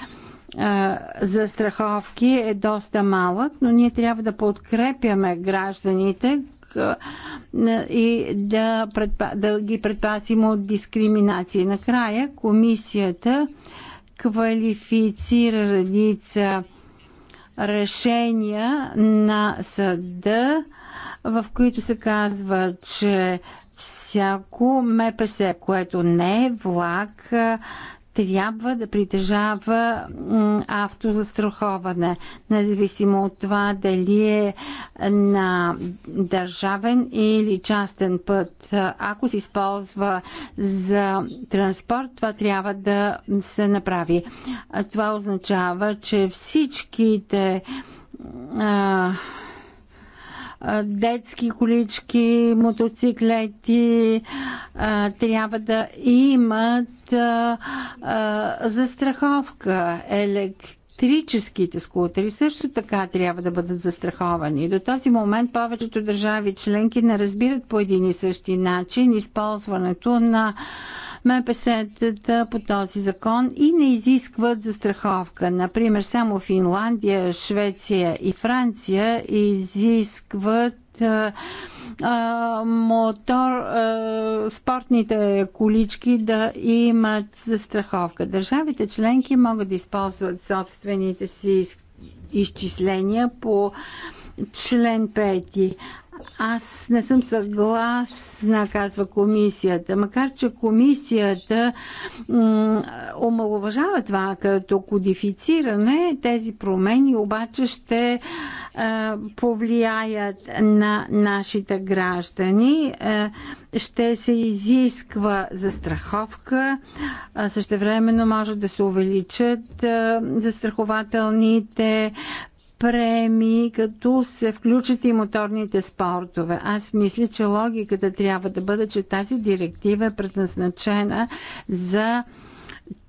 застраховки е доста малък, но ние трябва да подкрепяме гражданите, и да, предпа, да ги предпасим от дискриминация. Накрая комисията квалифицира редица решения на съда, в които се казва, че всяко МПС, което не е влак, трябва да притежава автозастраховане, независимо от това дали е на държавен или частен път. Ако се използва за транспорт, това трябва да се направи. Това означава, че всичките а, детски колички, мотоциклети трябва да имат застраховка, електрическите скутери също така трябва да бъдат застраховани. До този момент повечето държави членки не разбират по един и същи начин използването на МПС-тата по този закон и не изискват застраховка. Например, само Финландия, Швеция и Франция изискват мотор, спортните колички да имат застраховка. Държавите членки могат да използват собствените си изчисления по член 5. Аз не съм съгласна, казва комисията, макар че комисията омалуважава това като кодифициране, тези промени обаче ще е, повлияят на нашите граждани. Е, ще се изисква застраховка, същевременно може да се увеличат е, застрахователните Преми, като се включат и моторните спортове. Аз мисля, че логиката трябва да бъде, че тази директива е предназначена за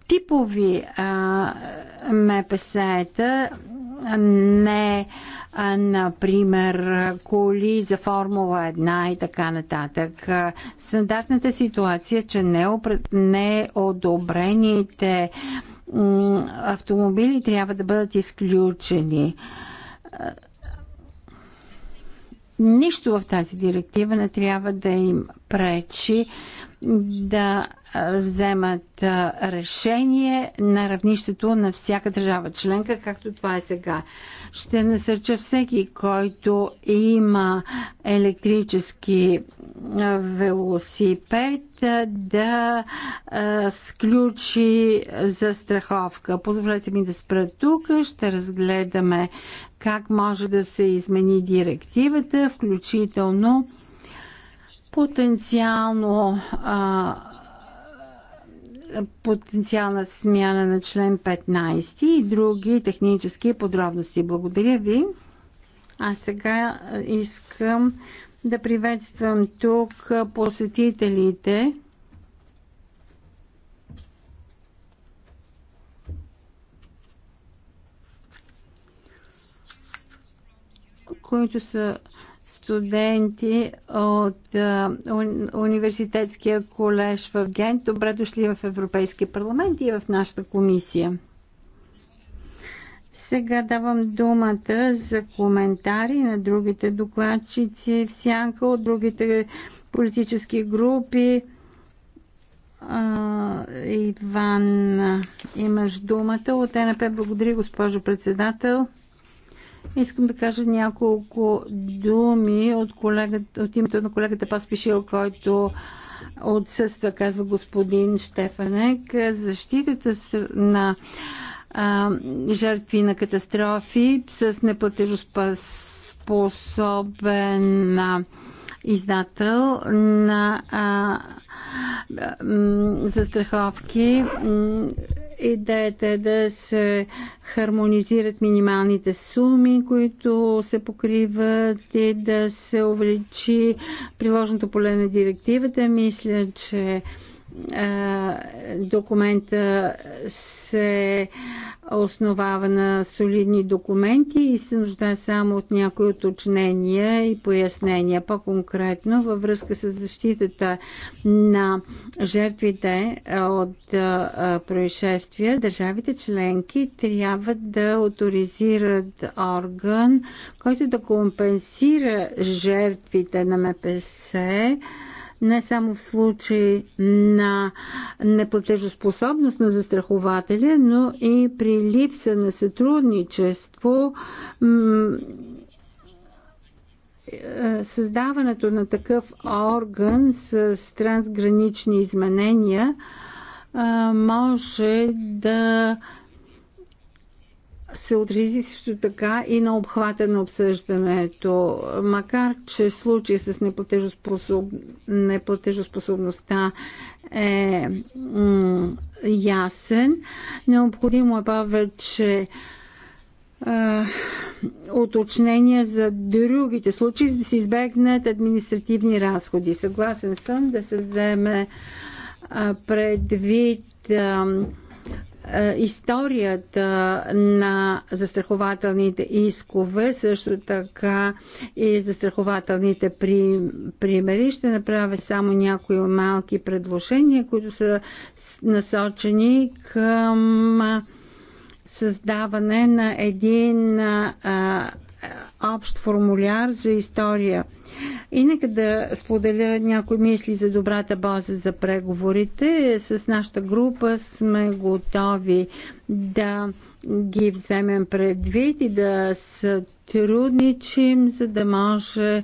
типови а, МПС-та, не, а, например, коли за Формула 1 и така нататък. Стандартната ситуация, е, че неопред, неодобрените а, автомобили трябва да бъдат изключени. Нищо в тази директива не трябва да им пречи да вземат решение на равнището на всяка държава членка, както това е сега. Ще насърча всеки, който има електрически велосипед, да сключи застраховка. Позволете ми да спра тук. Ще разгледаме как може да се измени директивата, включително потенциално а, потенциална смяна на член 15 и други технически подробности. Благодаря ви. А сега искам да приветствам тук посетителите. които са студенти от Университетския колеж в Гент. Добре дошли в Европейския парламент и в нашата комисия. Сега давам думата за коментари на другите докладчици в сянка от другите политически групи. Иван, имаш думата от НП. Благодаря, госпожо председател. Искам да кажа няколко думи от, колегата, от името на колегата Паспишил, който отсъства, казва господин Штефанек. Защитата на а, жертви на катастрофи с неплатежоспособен издател на а, а, застраховки Идеята е да се хармонизират минималните суми, които се покриват и да се увеличи приложното поле на директивата. Мисля, че документа се основава на солидни документи и се нуждае само от някои уточнения и пояснения. По-конкретно, във връзка с защитата на жертвите от происшествия, държавите членки трябва да авторизират орган, който да компенсира жертвите на МПС не само в случай на неплатежоспособност на застрахователя, но и при липса на сътрудничество е, създаването на такъв орган с трансгранични изменения може да се отрази също така и на обхвата на обсъждането. Макар, че случай с неплатежоспособ... неплатежоспособността е ясен, необходимо е повече уточнения за другите случаи, за да се избегнат административни разходи. Съгласен съм да се вземе предвид е, историята на застрахователните искове, също така и застрахователните при, примери. Ще направя само някои малки предложения, които са насочени към създаване на един а, общ формуляр за история и нека да споделя някои мисли за добрата база за преговорите. С нашата група сме готови да ги вземем предвид и да сътрудничим, за да може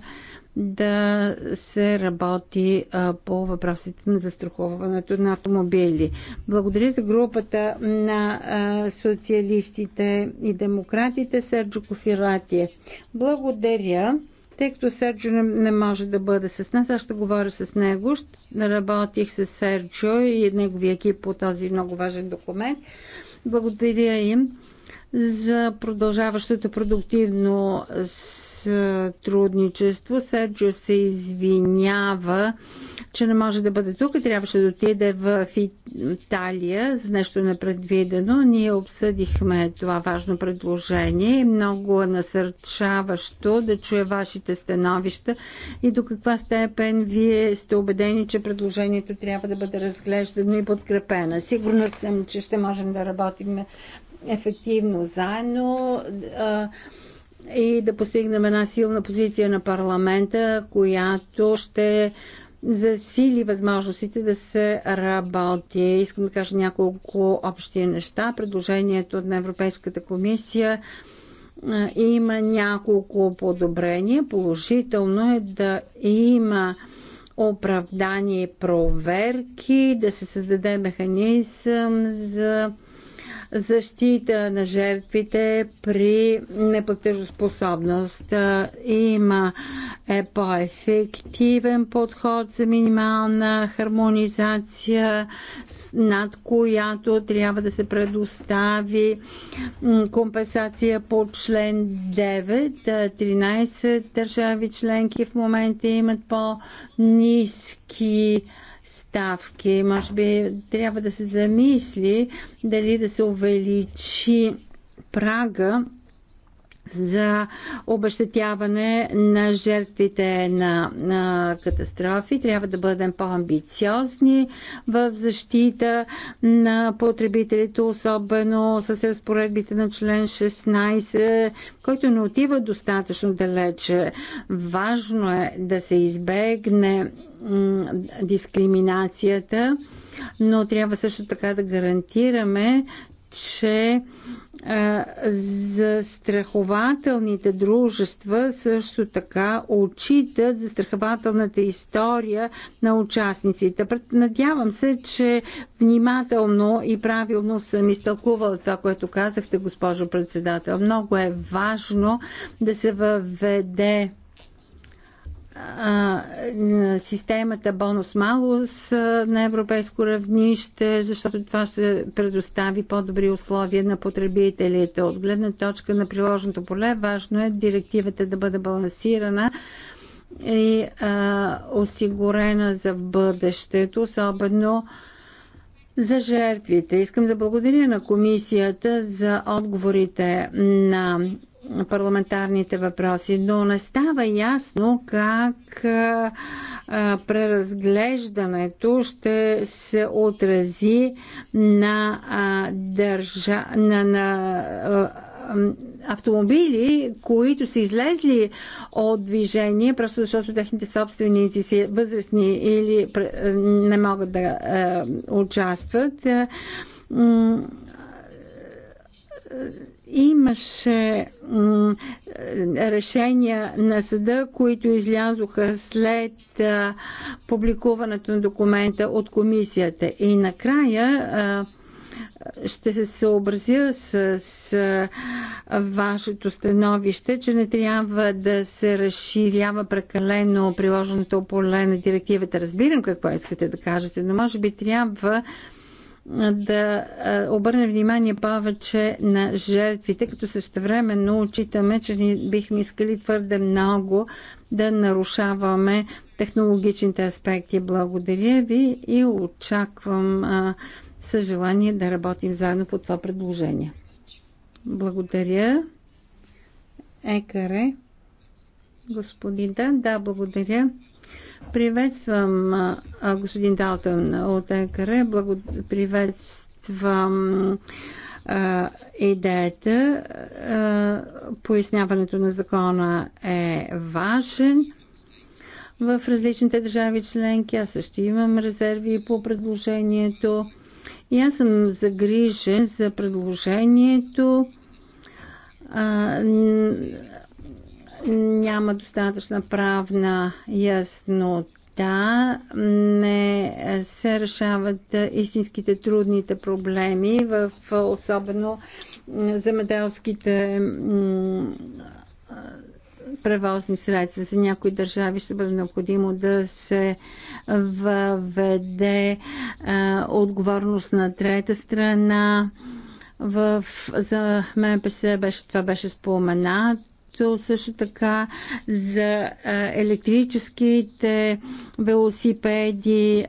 да се работи а, по въпросите на застраховането на автомобили. Благодаря за групата на а, социалистите и демократите Серджо Кофирати. Благодаря. Тъй като Серджо не, не може да бъде с нас, аз ще говоря с него. Работих с Серджо и неговия екип по този много важен документ. Благодаря им за продължаващото продуктивно сътрудничество. Серджио се извинява, че не може да бъде тук и трябваше да отиде в Италия за нещо непредвидено. Ние обсъдихме това важно предложение и много е насърчаващо да чуя вашите становища и до каква степен вие сте убедени, че предложението трябва да бъде разглеждано и подкрепено. Сигурна съм, че ще можем да работим ефективно заедно и да постигнем една силна позиция на парламента, която ще засили възможностите да се работи. Искам да кажа няколко общи неща. Предложението на Европейската комисия има няколко подобрения. Положително е да има оправдани проверки, да се създаде механизъм за защита на жертвите при неплатежоспособност. Има е по-ефективен подход за минимална хармонизация, над която трябва да се предостави компенсация по член 9. 13 държави членки в момента имат по-низки ставки. Може би трябва да се замисли дали да се увеличи прага за обещатяване на жертвите на, на катастрофи. Трябва да бъдем по-амбициозни в защита на потребителите, особено с разпоредбите на член 16, който не отива достатъчно далече. Важно е да се избегне дискриминацията но трябва също така да гарантираме, че а, застрахователните дружества също така отчитат застрахователната история на участниците. Надявам се, че внимателно и правилно съм изтълкувала това, което казахте, госпожо председател. Много е важно да се въведе системата бонус-малус на европейско равнище, защото това ще предостави по-добри условия на потребителите. От гледна точка на приложното поле, важно е директивата да бъде балансирана и а, осигурена за бъдещето, особено за жертвите. Искам да благодаря на комисията за отговорите на парламентарните въпроси, но не става ясно как преразглеждането ще се отрази на, а, държа, на, на а, автомобили, които са излезли от движение, просто защото техните собственици са възрастни или не могат да а, участват. А, имаше решения на съда, които излязоха след а, публикуването на документа от комисията. И накрая а, ще се съобразя с, с вашето становище, че не трябва да се разширява прекалено приложеното поле на директивата. Разбирам какво искате да кажете, но може би трябва да обърнем внимание повече на жертвите, като същевременно учитаме, че ни бихме искали твърде много да нарушаваме технологичните аспекти. Благодаря ви и очаквам съжелание да работим заедно по това предложение. Благодаря. Екаре. Господин, да, да, благодаря. Приветствам господин Далтън от ЕКР. Благо... Приветствам идеята. Поясняването на закона е важен в различните държави членки. Аз също имам резерви по предложението. И аз съм загрижен за предложението няма достатъчна правна яснота не се решават истинските трудните проблеми в особено земеделските превозни средства. За някои държави ще бъде необходимо да се въведе отговорност на трета страна в, за МПС беше, това беше споменат както също така за електрическите велосипеди.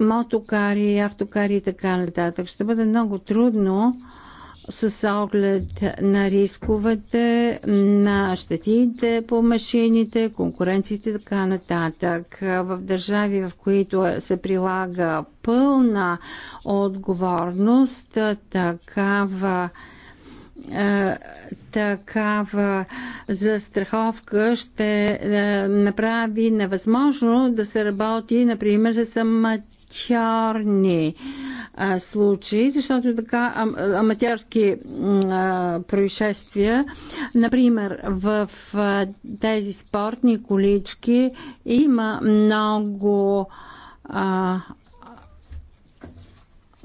мотокари, автокари и така нататък. Ще бъде много трудно с оглед на рисковете, на щетите по машините, конкуренциите и така нататък. В държави, в които се прилага пълна отговорност, такава е, такава застраховка ще е, направи невъзможно да се работи, например, за самата аматьорни а, случаи, защото е така ам, аматьорски а, происшествия, например, в а, тези спортни колички има много а,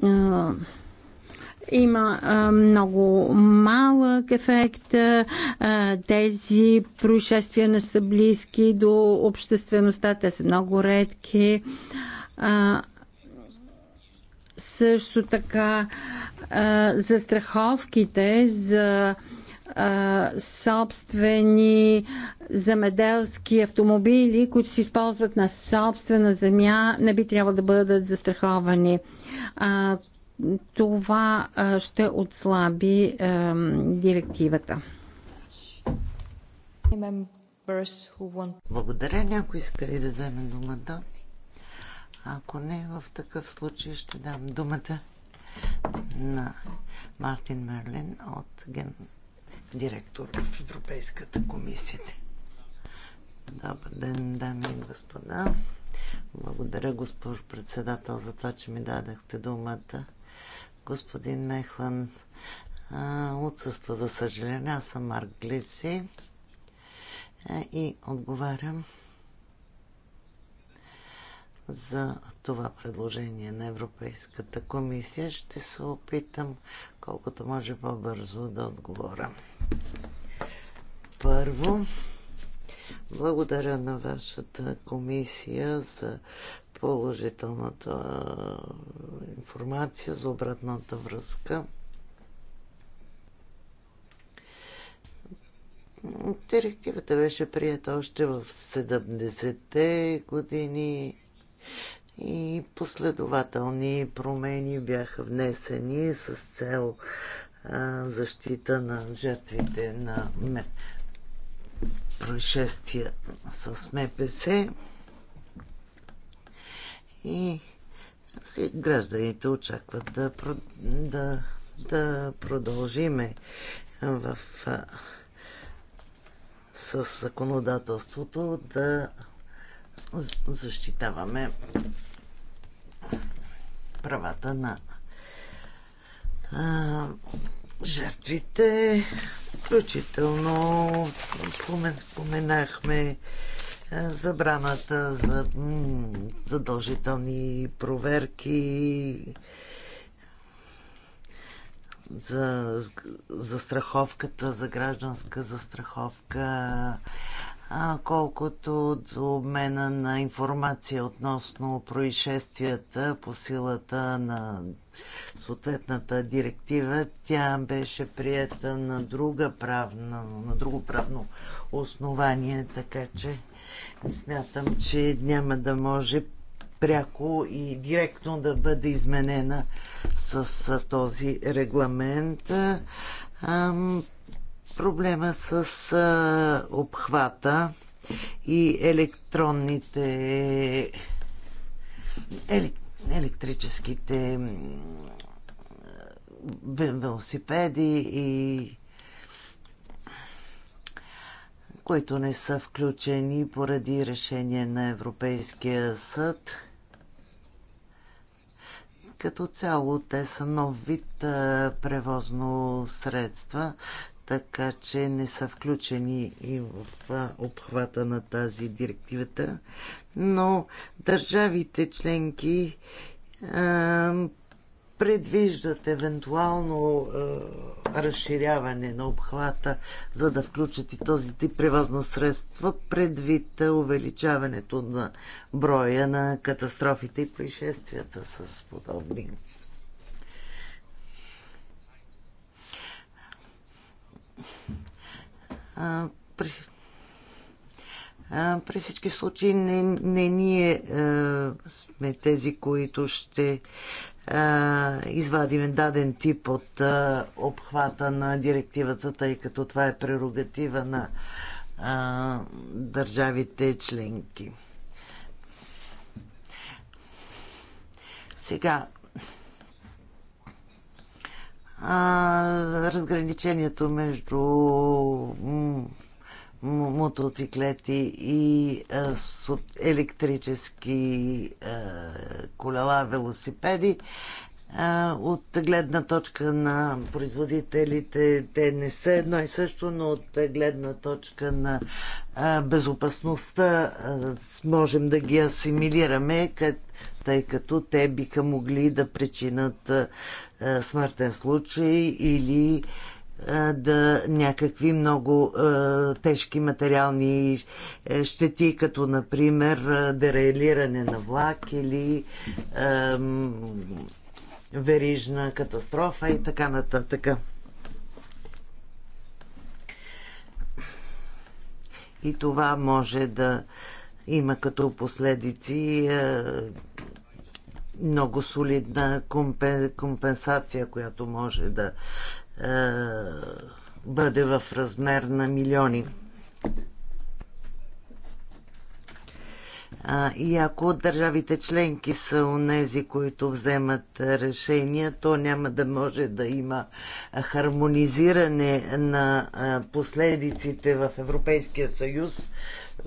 а, има а, много малък ефект. А, тези происшествия не са близки до обществеността, те са много редки. А, също така а, застраховките за а, собствени замеделски автомобили, които се използват на собствена земя, не би трябвало да бъдат застраховани. А, това а, ще отслаби а, директивата. Благодаря. Някой иска ли да вземе думата? Ако не, в такъв случай ще дам думата на Мартин Мерлин от ген... директор в Европейската комисия. Добър ден, дами и господа. Благодаря, госпожо председател, за това, че ми дадахте думата. Господин Мехлан а, отсъства, за съжаление. Аз съм Марк Глиси а, и отговарям за това предложение на Европейската комисия. Ще се опитам колкото може по-бързо да отговоря. Първо, благодаря на вашата комисия за положителната информация, за обратната връзка. Директивата беше прията още в 70-те години и последователни промени бяха внесени с цел защита на жертвите на происшествия с МПС и гражданите очакват да, да, да продължиме в, с законодателството да защитаваме правата на а, жертвите, включително спомен, споменахме забраната за задължителни проверки, за застраховката, за гражданска застраховка, колкото до обмена на информация относно происшествията по силата на съответната директива. Тя беше приета на, друга правна, на друго правно основание, така че смятам, че няма да може пряко и директно да бъде изменена с този регламент проблема с а, обхвата и електронните елек, електрическите велосипеди и които не са включени поради решение на Европейския съд. Като цяло те са нов вид превозно средства, така че не са включени и в обхвата на тази директивата, но държавите членки предвиждат евентуално разширяване на обхвата, за да включат и този тип превозно средства, предвид увеличаването на броя на катастрофите и происшествията с подобни при, а, при всички случаи не, не ние а, сме тези, които ще а, извадим даден тип от а, обхвата на директивата, тъй като това е прерогатива на а, държавите членки. Сега, разграничението между мотоциклети и електрически колела, велосипеди от гледна точка на производителите те не са едно и също, но от гледна точка на безопасността можем да ги асимилираме, тъй като те биха могли да причинат смъртен случай или да някакви много е, тежки материални е, щети, като например дерайлиране на влак или е, верижна катастрофа и така нататък. И това може да има като последици е, много солидна компенсация, която може да е, бъде в размер на милиони. А, и ако държавите членки са онези, които вземат решения, то няма да може да има хармонизиране на последиците в Европейския съюз,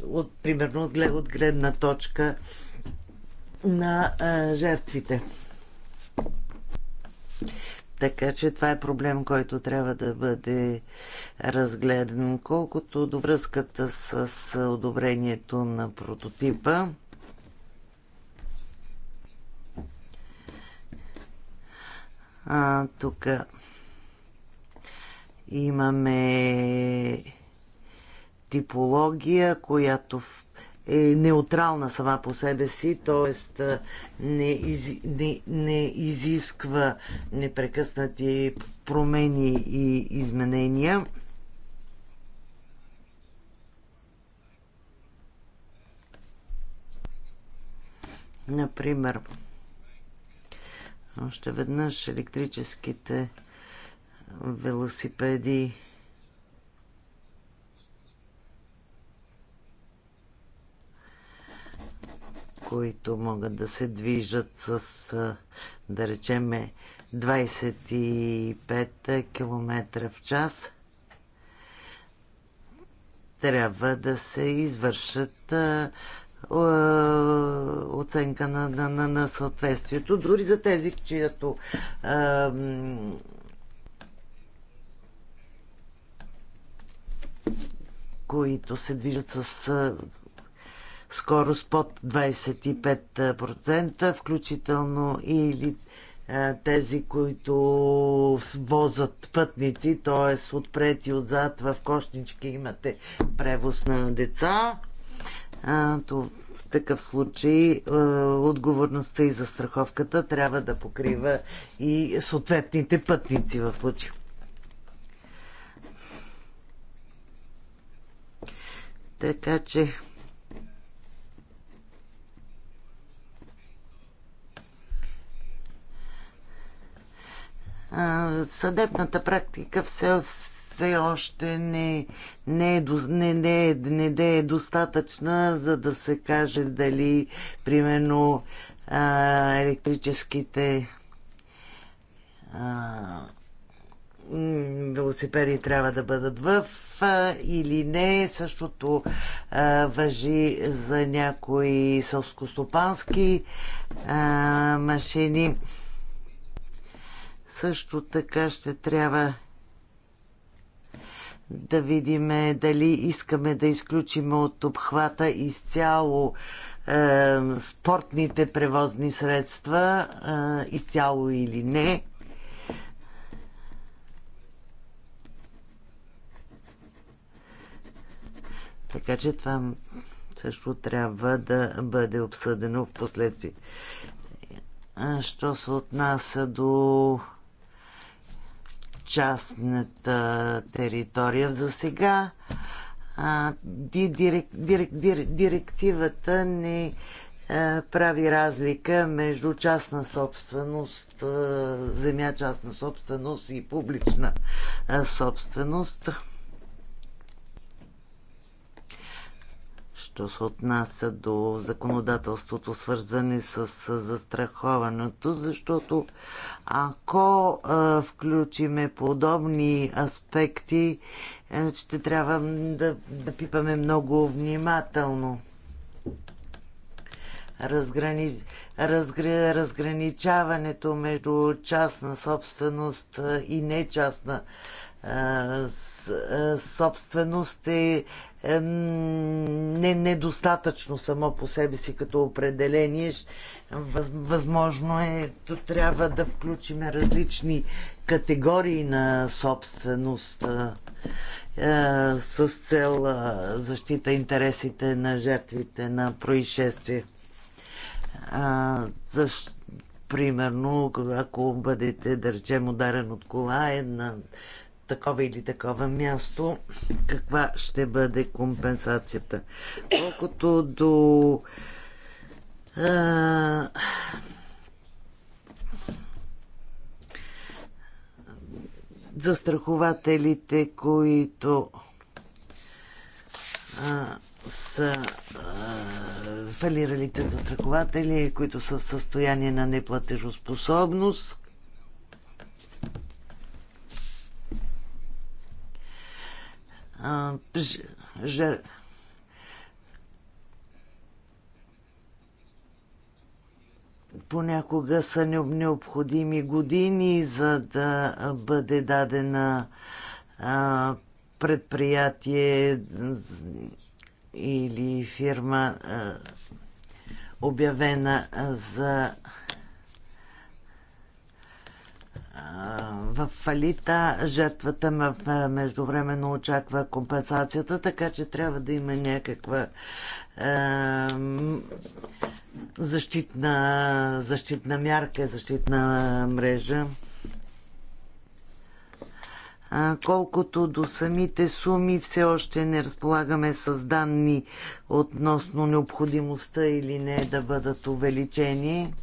от, примерно от гледна точка на а, жертвите. Така че това е проблем, който трябва да бъде разгледан. Колкото до връзката с одобрението на прототипа, а, тук имаме типология, която в е неутрална сама по себе си, т.е. Не, из, не, не изисква непрекъснати промени и изменения. Например, още веднъж електрическите велосипеди които могат да се движат с, да речеме, 25 км в час, трябва да се извършат оценка на, на, на, на съответствието, дори за тези, чието а, които се движат с скорост под 25%, включително и тези, които возат пътници, т.е. отпред и отзад в кошнички имате превоз на деца. В такъв случай отговорността и за страховката трябва да покрива и съответните пътници в случай. Така че съдебната практика все, все още не, не, е, не, не, е, не, да е достатъчна, за да се каже дали, примерно, а, електрическите а, велосипеди трябва да бъдат в а, или не. Същото а, въжи за някои сълскостопански машини. Също така ще трябва да видим дали искаме да изключим от обхвата изцяло е, спортните превозни средства, е, изцяло или не. Така че това също трябва да бъде обсъдено в последствие. Що се отнася до частната територия. За сега а, дирек, дирек, дирек, директивата не а, е, прави разлика между частна собственост, а, е, земя частна собственост и публична а, е, собственост. що се отнася до законодателството, свързани с застраховането, защото ако а, включиме подобни аспекти, е, ще трябва да, да пипаме много внимателно. Разграни... Разгр... Разграничаването между частна собственост и нечастна собственост е не, недостатъчно само по себе си като определение. Възможно е, трябва да включим различни категории на собственост с цел защита интересите на жертвите на происшествие. Защо? примерно, ако бъдете, да речем, ударен от кола, една такова или такова място, каква ще бъде компенсацията. Колкото до а, застрахователите, които а, са а, фалиралите застрахователи, които са в състояние на неплатежоспособност. ж, понякога са необходими години, за да бъде дадена предприятие или фирма обявена за в фалита, жертвата ме междувременно очаква компенсацията, така че трябва да има някаква е, защитна, защитна мярка, защитна мрежа. Колкото до самите суми, все още не разполагаме с данни относно необходимостта или не да бъдат увеличени.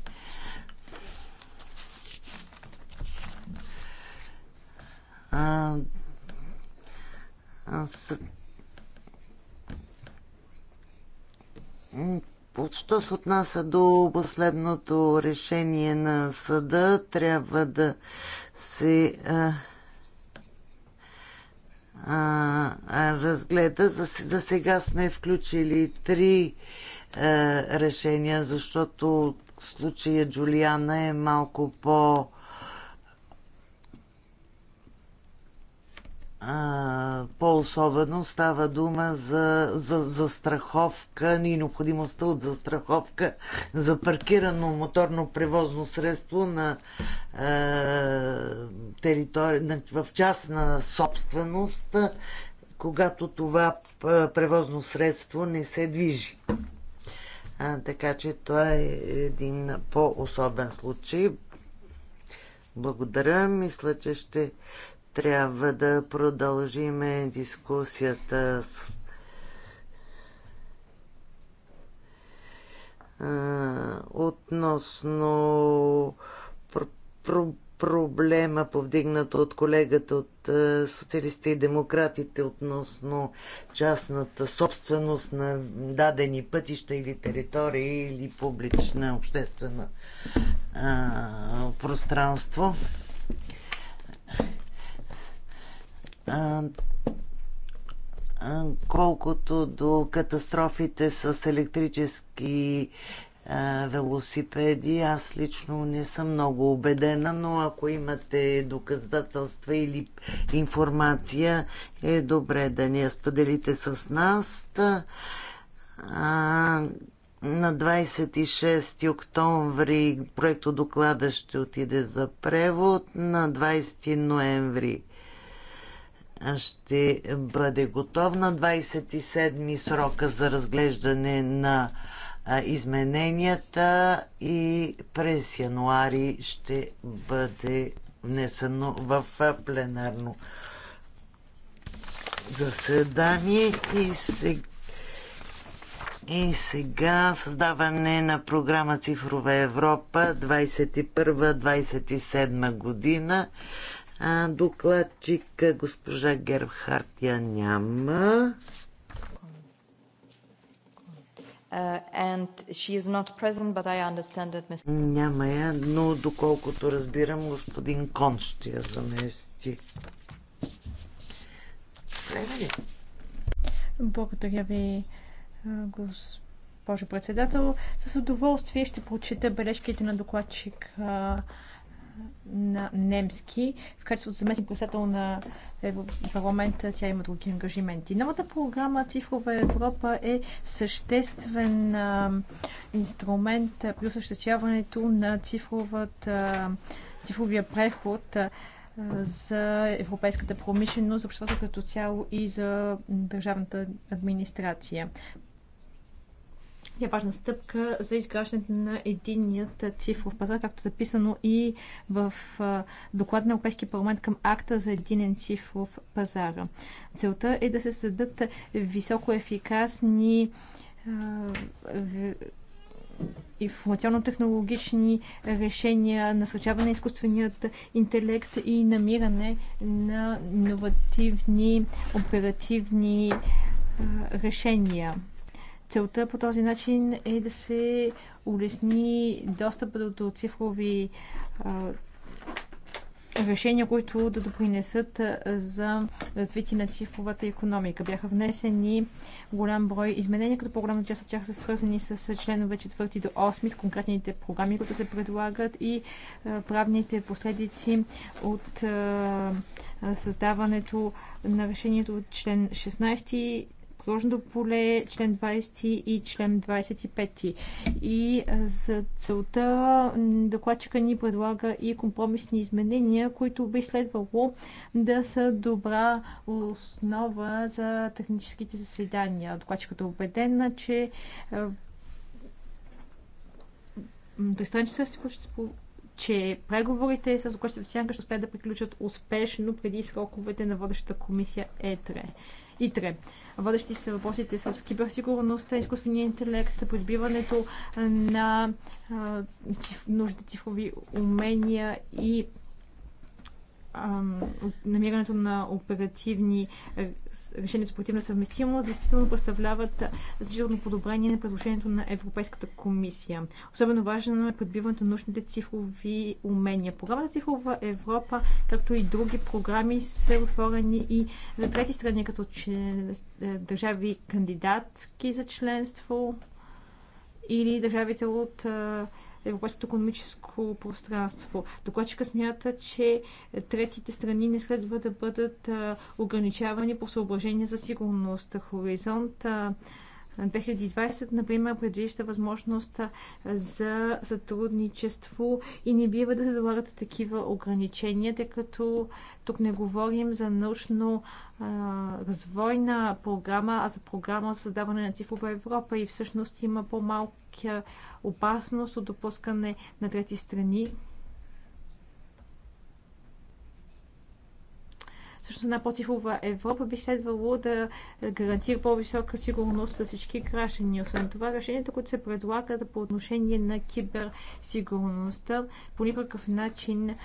с, Що се отнася до последното решение на съда, трябва да се а, а, разгледа. За, за сега сме включили три а, решения, защото случая Джулиана е малко по- по-особено става дума за, за застраховка и необходимостта от застраховка за паркирано моторно превозно средство на е, територия, в частна собственост, когато това е, превозно средство не се движи. А, така че това е един по-особен случай. Благодаря. Мисля, че ще трябва да продължиме дискусията с относно пр- пр- проблема, повдигната от колегата от социалистите и демократите относно частната собственост на дадени пътища или територии или публична обществена а, пространство. колкото до катастрофите с електрически велосипеди, аз лично не съм много убедена, но ако имате доказателства или информация, е добре да ни я споделите с нас. на 26 октомври проекто доклада ще отиде за превод, на 20 ноември ще бъде готов на 27 срока за разглеждане на измененията и през януари ще бъде внесено в пленарно заседание и сега и сега създаване на програма Цифрова Европа 21-27 година. А, докладчик е, госпожа я няма. Uh, and she is not present, but I understand that Mr. Няма я, но доколкото разбирам, господин Кон ще я замести. Благодаря ви, госпожо председател. С удоволствие ще прочета бележките на докладчик uh, на немски. В качеството заместник председател на парламента тя има други ангажименти. Новата програма Цифрова Европа е съществен инструмент при осъществяването на цифровата, цифровия преход за европейската промишленост, обществото като цяло и за държавната администрация е важна стъпка за изграждането на единният цифров пазар, както записано и в доклад на Европейския парламент към акта за единен цифров пазар. Целта е да се създадат високоефикасни информационно-технологични решения, насърчаване на изкуственият интелект и намиране на иновативни оперативни решения. Целта по този начин е да се улесни достъпът до цифрови решения, които да допринесат за развитие на цифровата економика. Бяха внесени голям брой изменения, като по-голяма част от тях са свързани с членове 4 до 8, с конкретните програми, които се предлагат и правните последици от създаването на решението от член 16 приложното поле член 20 и член 25. И за целта докладчика ни предлага и компромисни изменения, които би следвало да са добра основа за техническите заседания. Докладчикът е убедена, че Пристанчеството ще че преговорите с докладчица сянка ще успеят да приключат успешно преди сроковете на водещата комисия ЕТРЕ. ИТРЕ. Водещи са въпросите с киберсигурността, изкуствения интелект, придобиването на нужди, цифрови умения и намирането на оперативни е, решения за оперативна съвместимост действително представляват значително подобрение на предложението на Европейската комисия. Особено важно е подбиването на научните цифрови умения. Програмата Цифрова Европа, както и други програми, са отворени и за трети страни, като е, държави кандидатки за членство или държавите от е, европейското економическо пространство. Докладчика смята, че третите страни не следва да бъдат ограничавани по съображение за сигурност. Хоризонт 2020, например, предвижда възможност за сътрудничество и не бива да се залагат такива ограничения, тъй като тук не говорим за научно развойна програма, а за програма за създаване на цифрова Европа и всъщност има по-малка опасност от допускане на трети страни всъщност една по-цифрова Европа би следвало да гарантира по-висока сигурност за всички граждани. Освен това, решенията, които се предлагат по отношение на киберсигурността, по никакъв начин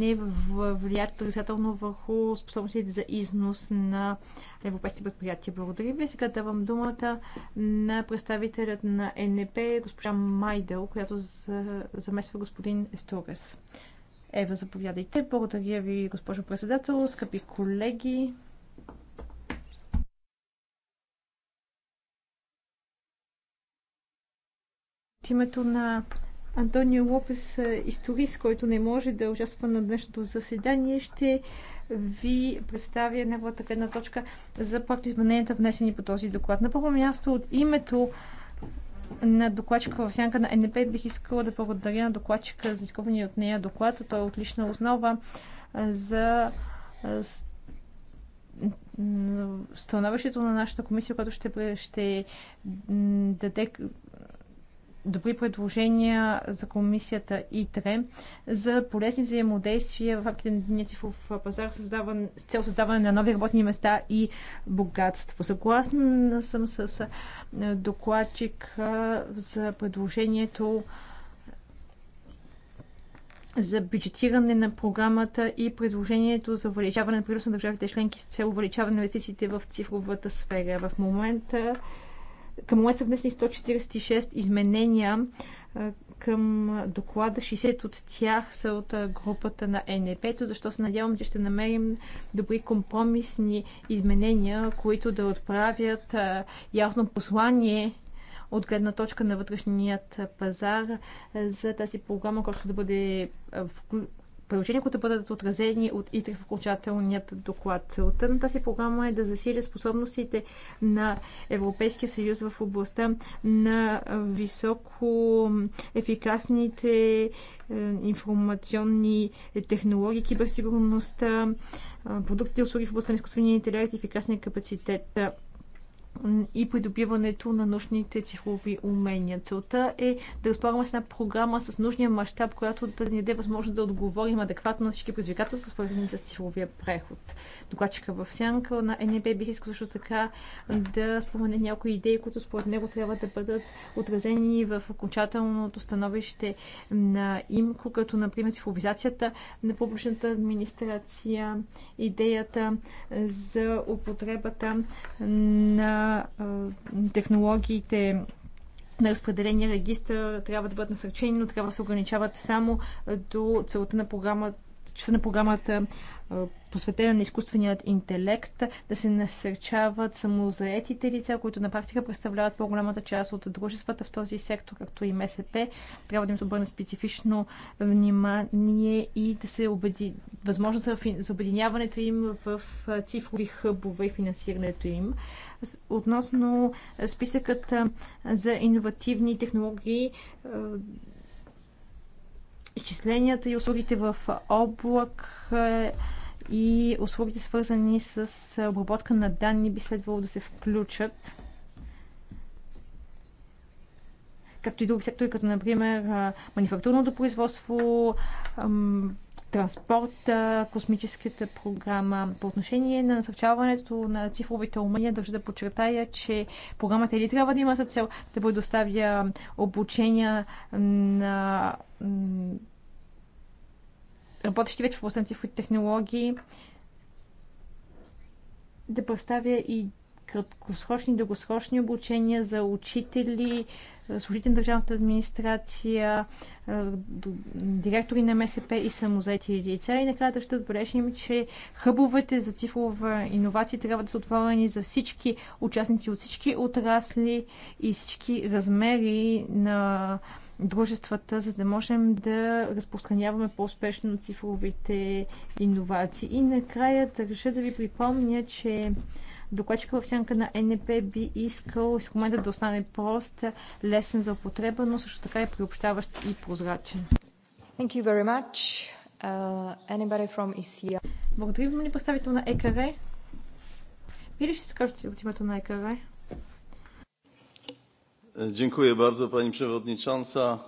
не влияят отрицателно върху способностите за износ на европейски предприятия. Благодаря ви. Сега давам думата на представителят на НП, госпожа Майдел, която замества господин Есторес. Ева, заповядайте. Благодаря ви, госпожо председател, скъпи колеги. От името на Антонио Лопес, историст, който не може да участва на днешното заседание, ще ви представя неговата гледна точка за пак измененията, внесени по този доклад. На първо място от името на докладчика в сянка на НП бих искала да благодаря на докладчика за изкупения от нея доклад. Той е отлична основа за становището на нашата комисия, която ще, ще даде добри предложения за комисията ИТРЕ за полезни взаимодействия в рамките на единия цифров пазар създаван, с цел създаване на нови работни места и богатство. Съгласна съм с докладчик за предложението за бюджетиране на програмата и предложението за увеличаване на приноса на държавите членки с цел увеличаване на инвестициите в цифровата сфера. В момента към момента са внесени 146 изменения към доклада. 60 от тях са от групата на НЕП, защо се надявам, че ще намерим добри компромисни изменения, които да отправят ясно послание от гледна точка на вътрешният пазар за тази програма, която да бъде предложения, които бъдат отразени от ИТРИ в окончателният доклад. Целта на тази програма е да засили способностите на Европейския съюз в областта на високо ефикасните е, информационни технологии, киберсигурността, е, продукти и услуги в областта на изкуствения интелект и ефикасния капацитет и придобиването на нужните цифрови умения. Целта е да разполагаме с една програма с нужния мащаб, която да ни даде възможност да отговорим адекватно на всички предизвикателства, свързани с цифровия преход. Докладчика в сянка на НБ бих искал също така да спомене някои идеи, които според него трябва да бъдат отразени в окончателното становище на ИМКО, като например цифровизацията на публичната администрация, идеята за употребата на а, технологиите на разпределения регистър трябва да бъдат насърчени, но трябва да се ограничават само до целта на програмата часа на програмата посветена на изкуственият интелект, да се насърчават самозаетите лица, които на практика представляват по-голямата част от дружествата в този сектор, както и МСП. Трябва да им се обърне специфично внимание и да се убеди възможност за обединяването им в цифрови хъбове и финансирането им. Относно списъкът за иновативни технологии, изчисленията и услугите в облак е, и услугите свързани с е, обработка на данни би следвало да се включат. Както и други сектори, като например е, манифактурното производство, транспорта, космическата програма. По отношение на насърчаването на цифровите умения, държа да подчертая, че програмата или трябва да има за цел да предоставя обучения на работещи вече в областта на цифрови технологии, да представя и краткосрочни и дългосрочни обучения за учители, е, служители на държавната администрация, е, директори на МСП и самозаети лица. И накрая ще отбележим, че хъбовете за цифрова иновация трябва да са отворени за всички участници от всички отрасли и всички размери на дружествата, за да можем да разпространяваме по-успешно цифровите иновации. И накрая държа да ви припомня, че докладчика в сянка на НП би искал момента да остане прост, лесен за употреба, но също така и приобщаващ и прозрачен. Thank you very much. Uh, anybody from ECR? Благодаря ви, представител на ЕКР. Е. Вие ли ще се кажете от името на ЕКР? Е? Е, dziękuję bardzo Pani Przewodnicząca,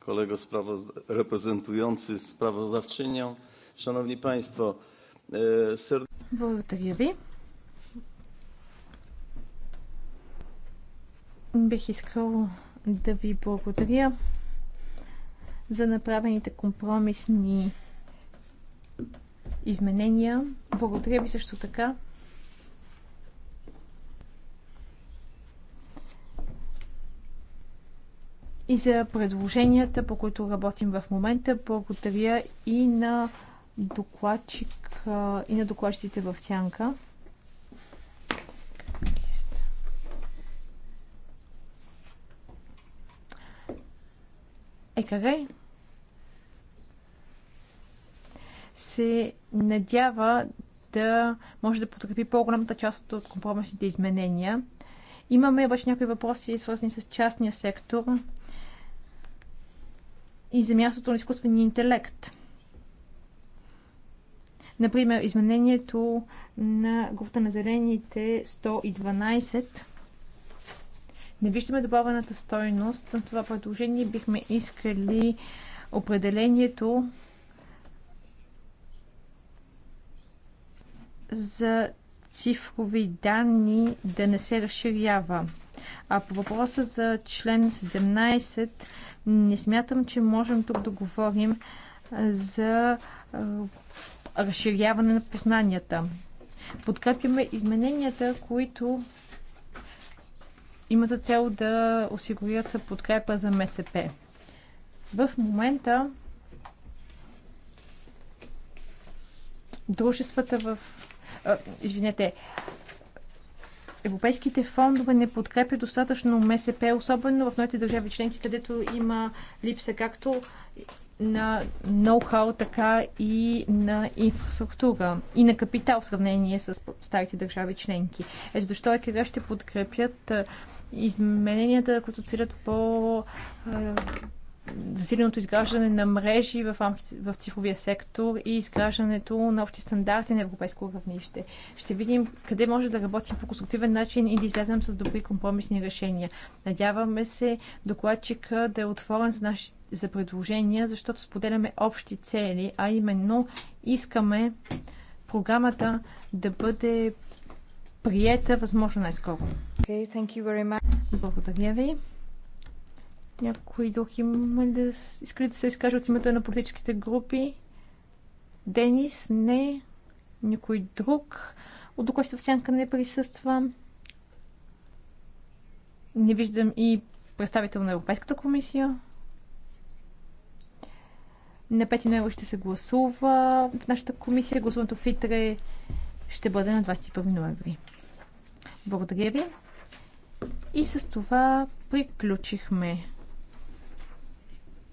kolego sprawozda- reprezentujący sprawozdawczynią. Szanowni Państwo, e, serdecznie... Благодаря ви. Бих искал да ви благодаря за направените компромисни изменения. Благодаря ви също така и за предложенията, по които работим в момента. Благодаря и на докладчик и на докладчиците в Сянка. ЕКГ се надява да може да подкрепи по-голямата част от компромисните изменения. Имаме обаче някои въпроси, свързани с частния сектор и за мястото на изкуствения интелект. Например, изменението на групата на зелените 112 не виждаме добавената стойност на това предложение. Бихме искали определението за цифрови данни да не се разширява. А по въпроса за член 17 не смятам, че можем тук да говорим за разширяване на познанията. Подкрепяме измененията, които има за цел да осигурят подкрепа за МСП. В момента дружествата в... А, извинете, европейските фондове не подкрепят достатъчно МСП, особено в новите държави членки, където има липса както на ноу-хау, така и на инфраструктура и на капитал в сравнение с старите държави членки. Ето защо ЕКР ще подкрепят измененията, които целят по засиленото изграждане на мрежи в, в цифровия сектор и изграждането на общи стандарти на европейско равнище. Ще видим къде може да работим по конструктивен начин и да излезем с добри компромисни решения. Надяваме се докладчика да е отворен за, наши, за предложения, защото споделяме общи цели, а именно искаме програмата да бъде приета възможно най-скоро. Okay, Благодаря ви. Някой друг има да искали да се изкаже от името на политическите групи? Денис? Не. Никой друг? От докато в сянка не присъства. Не виждам и представител на Европейската комисия. На 5 ноември ще се гласува в нашата комисия. Гласуването в ИТРЕ ще бъде на 21 ноември. Благодаря ви. И с това приключихме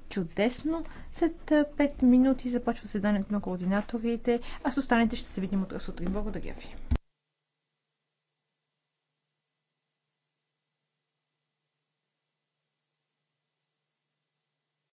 чудесно. След 5 минути започва седанието на координаторите, а с останалите ще се видим утре сутрин. Благодаря ви.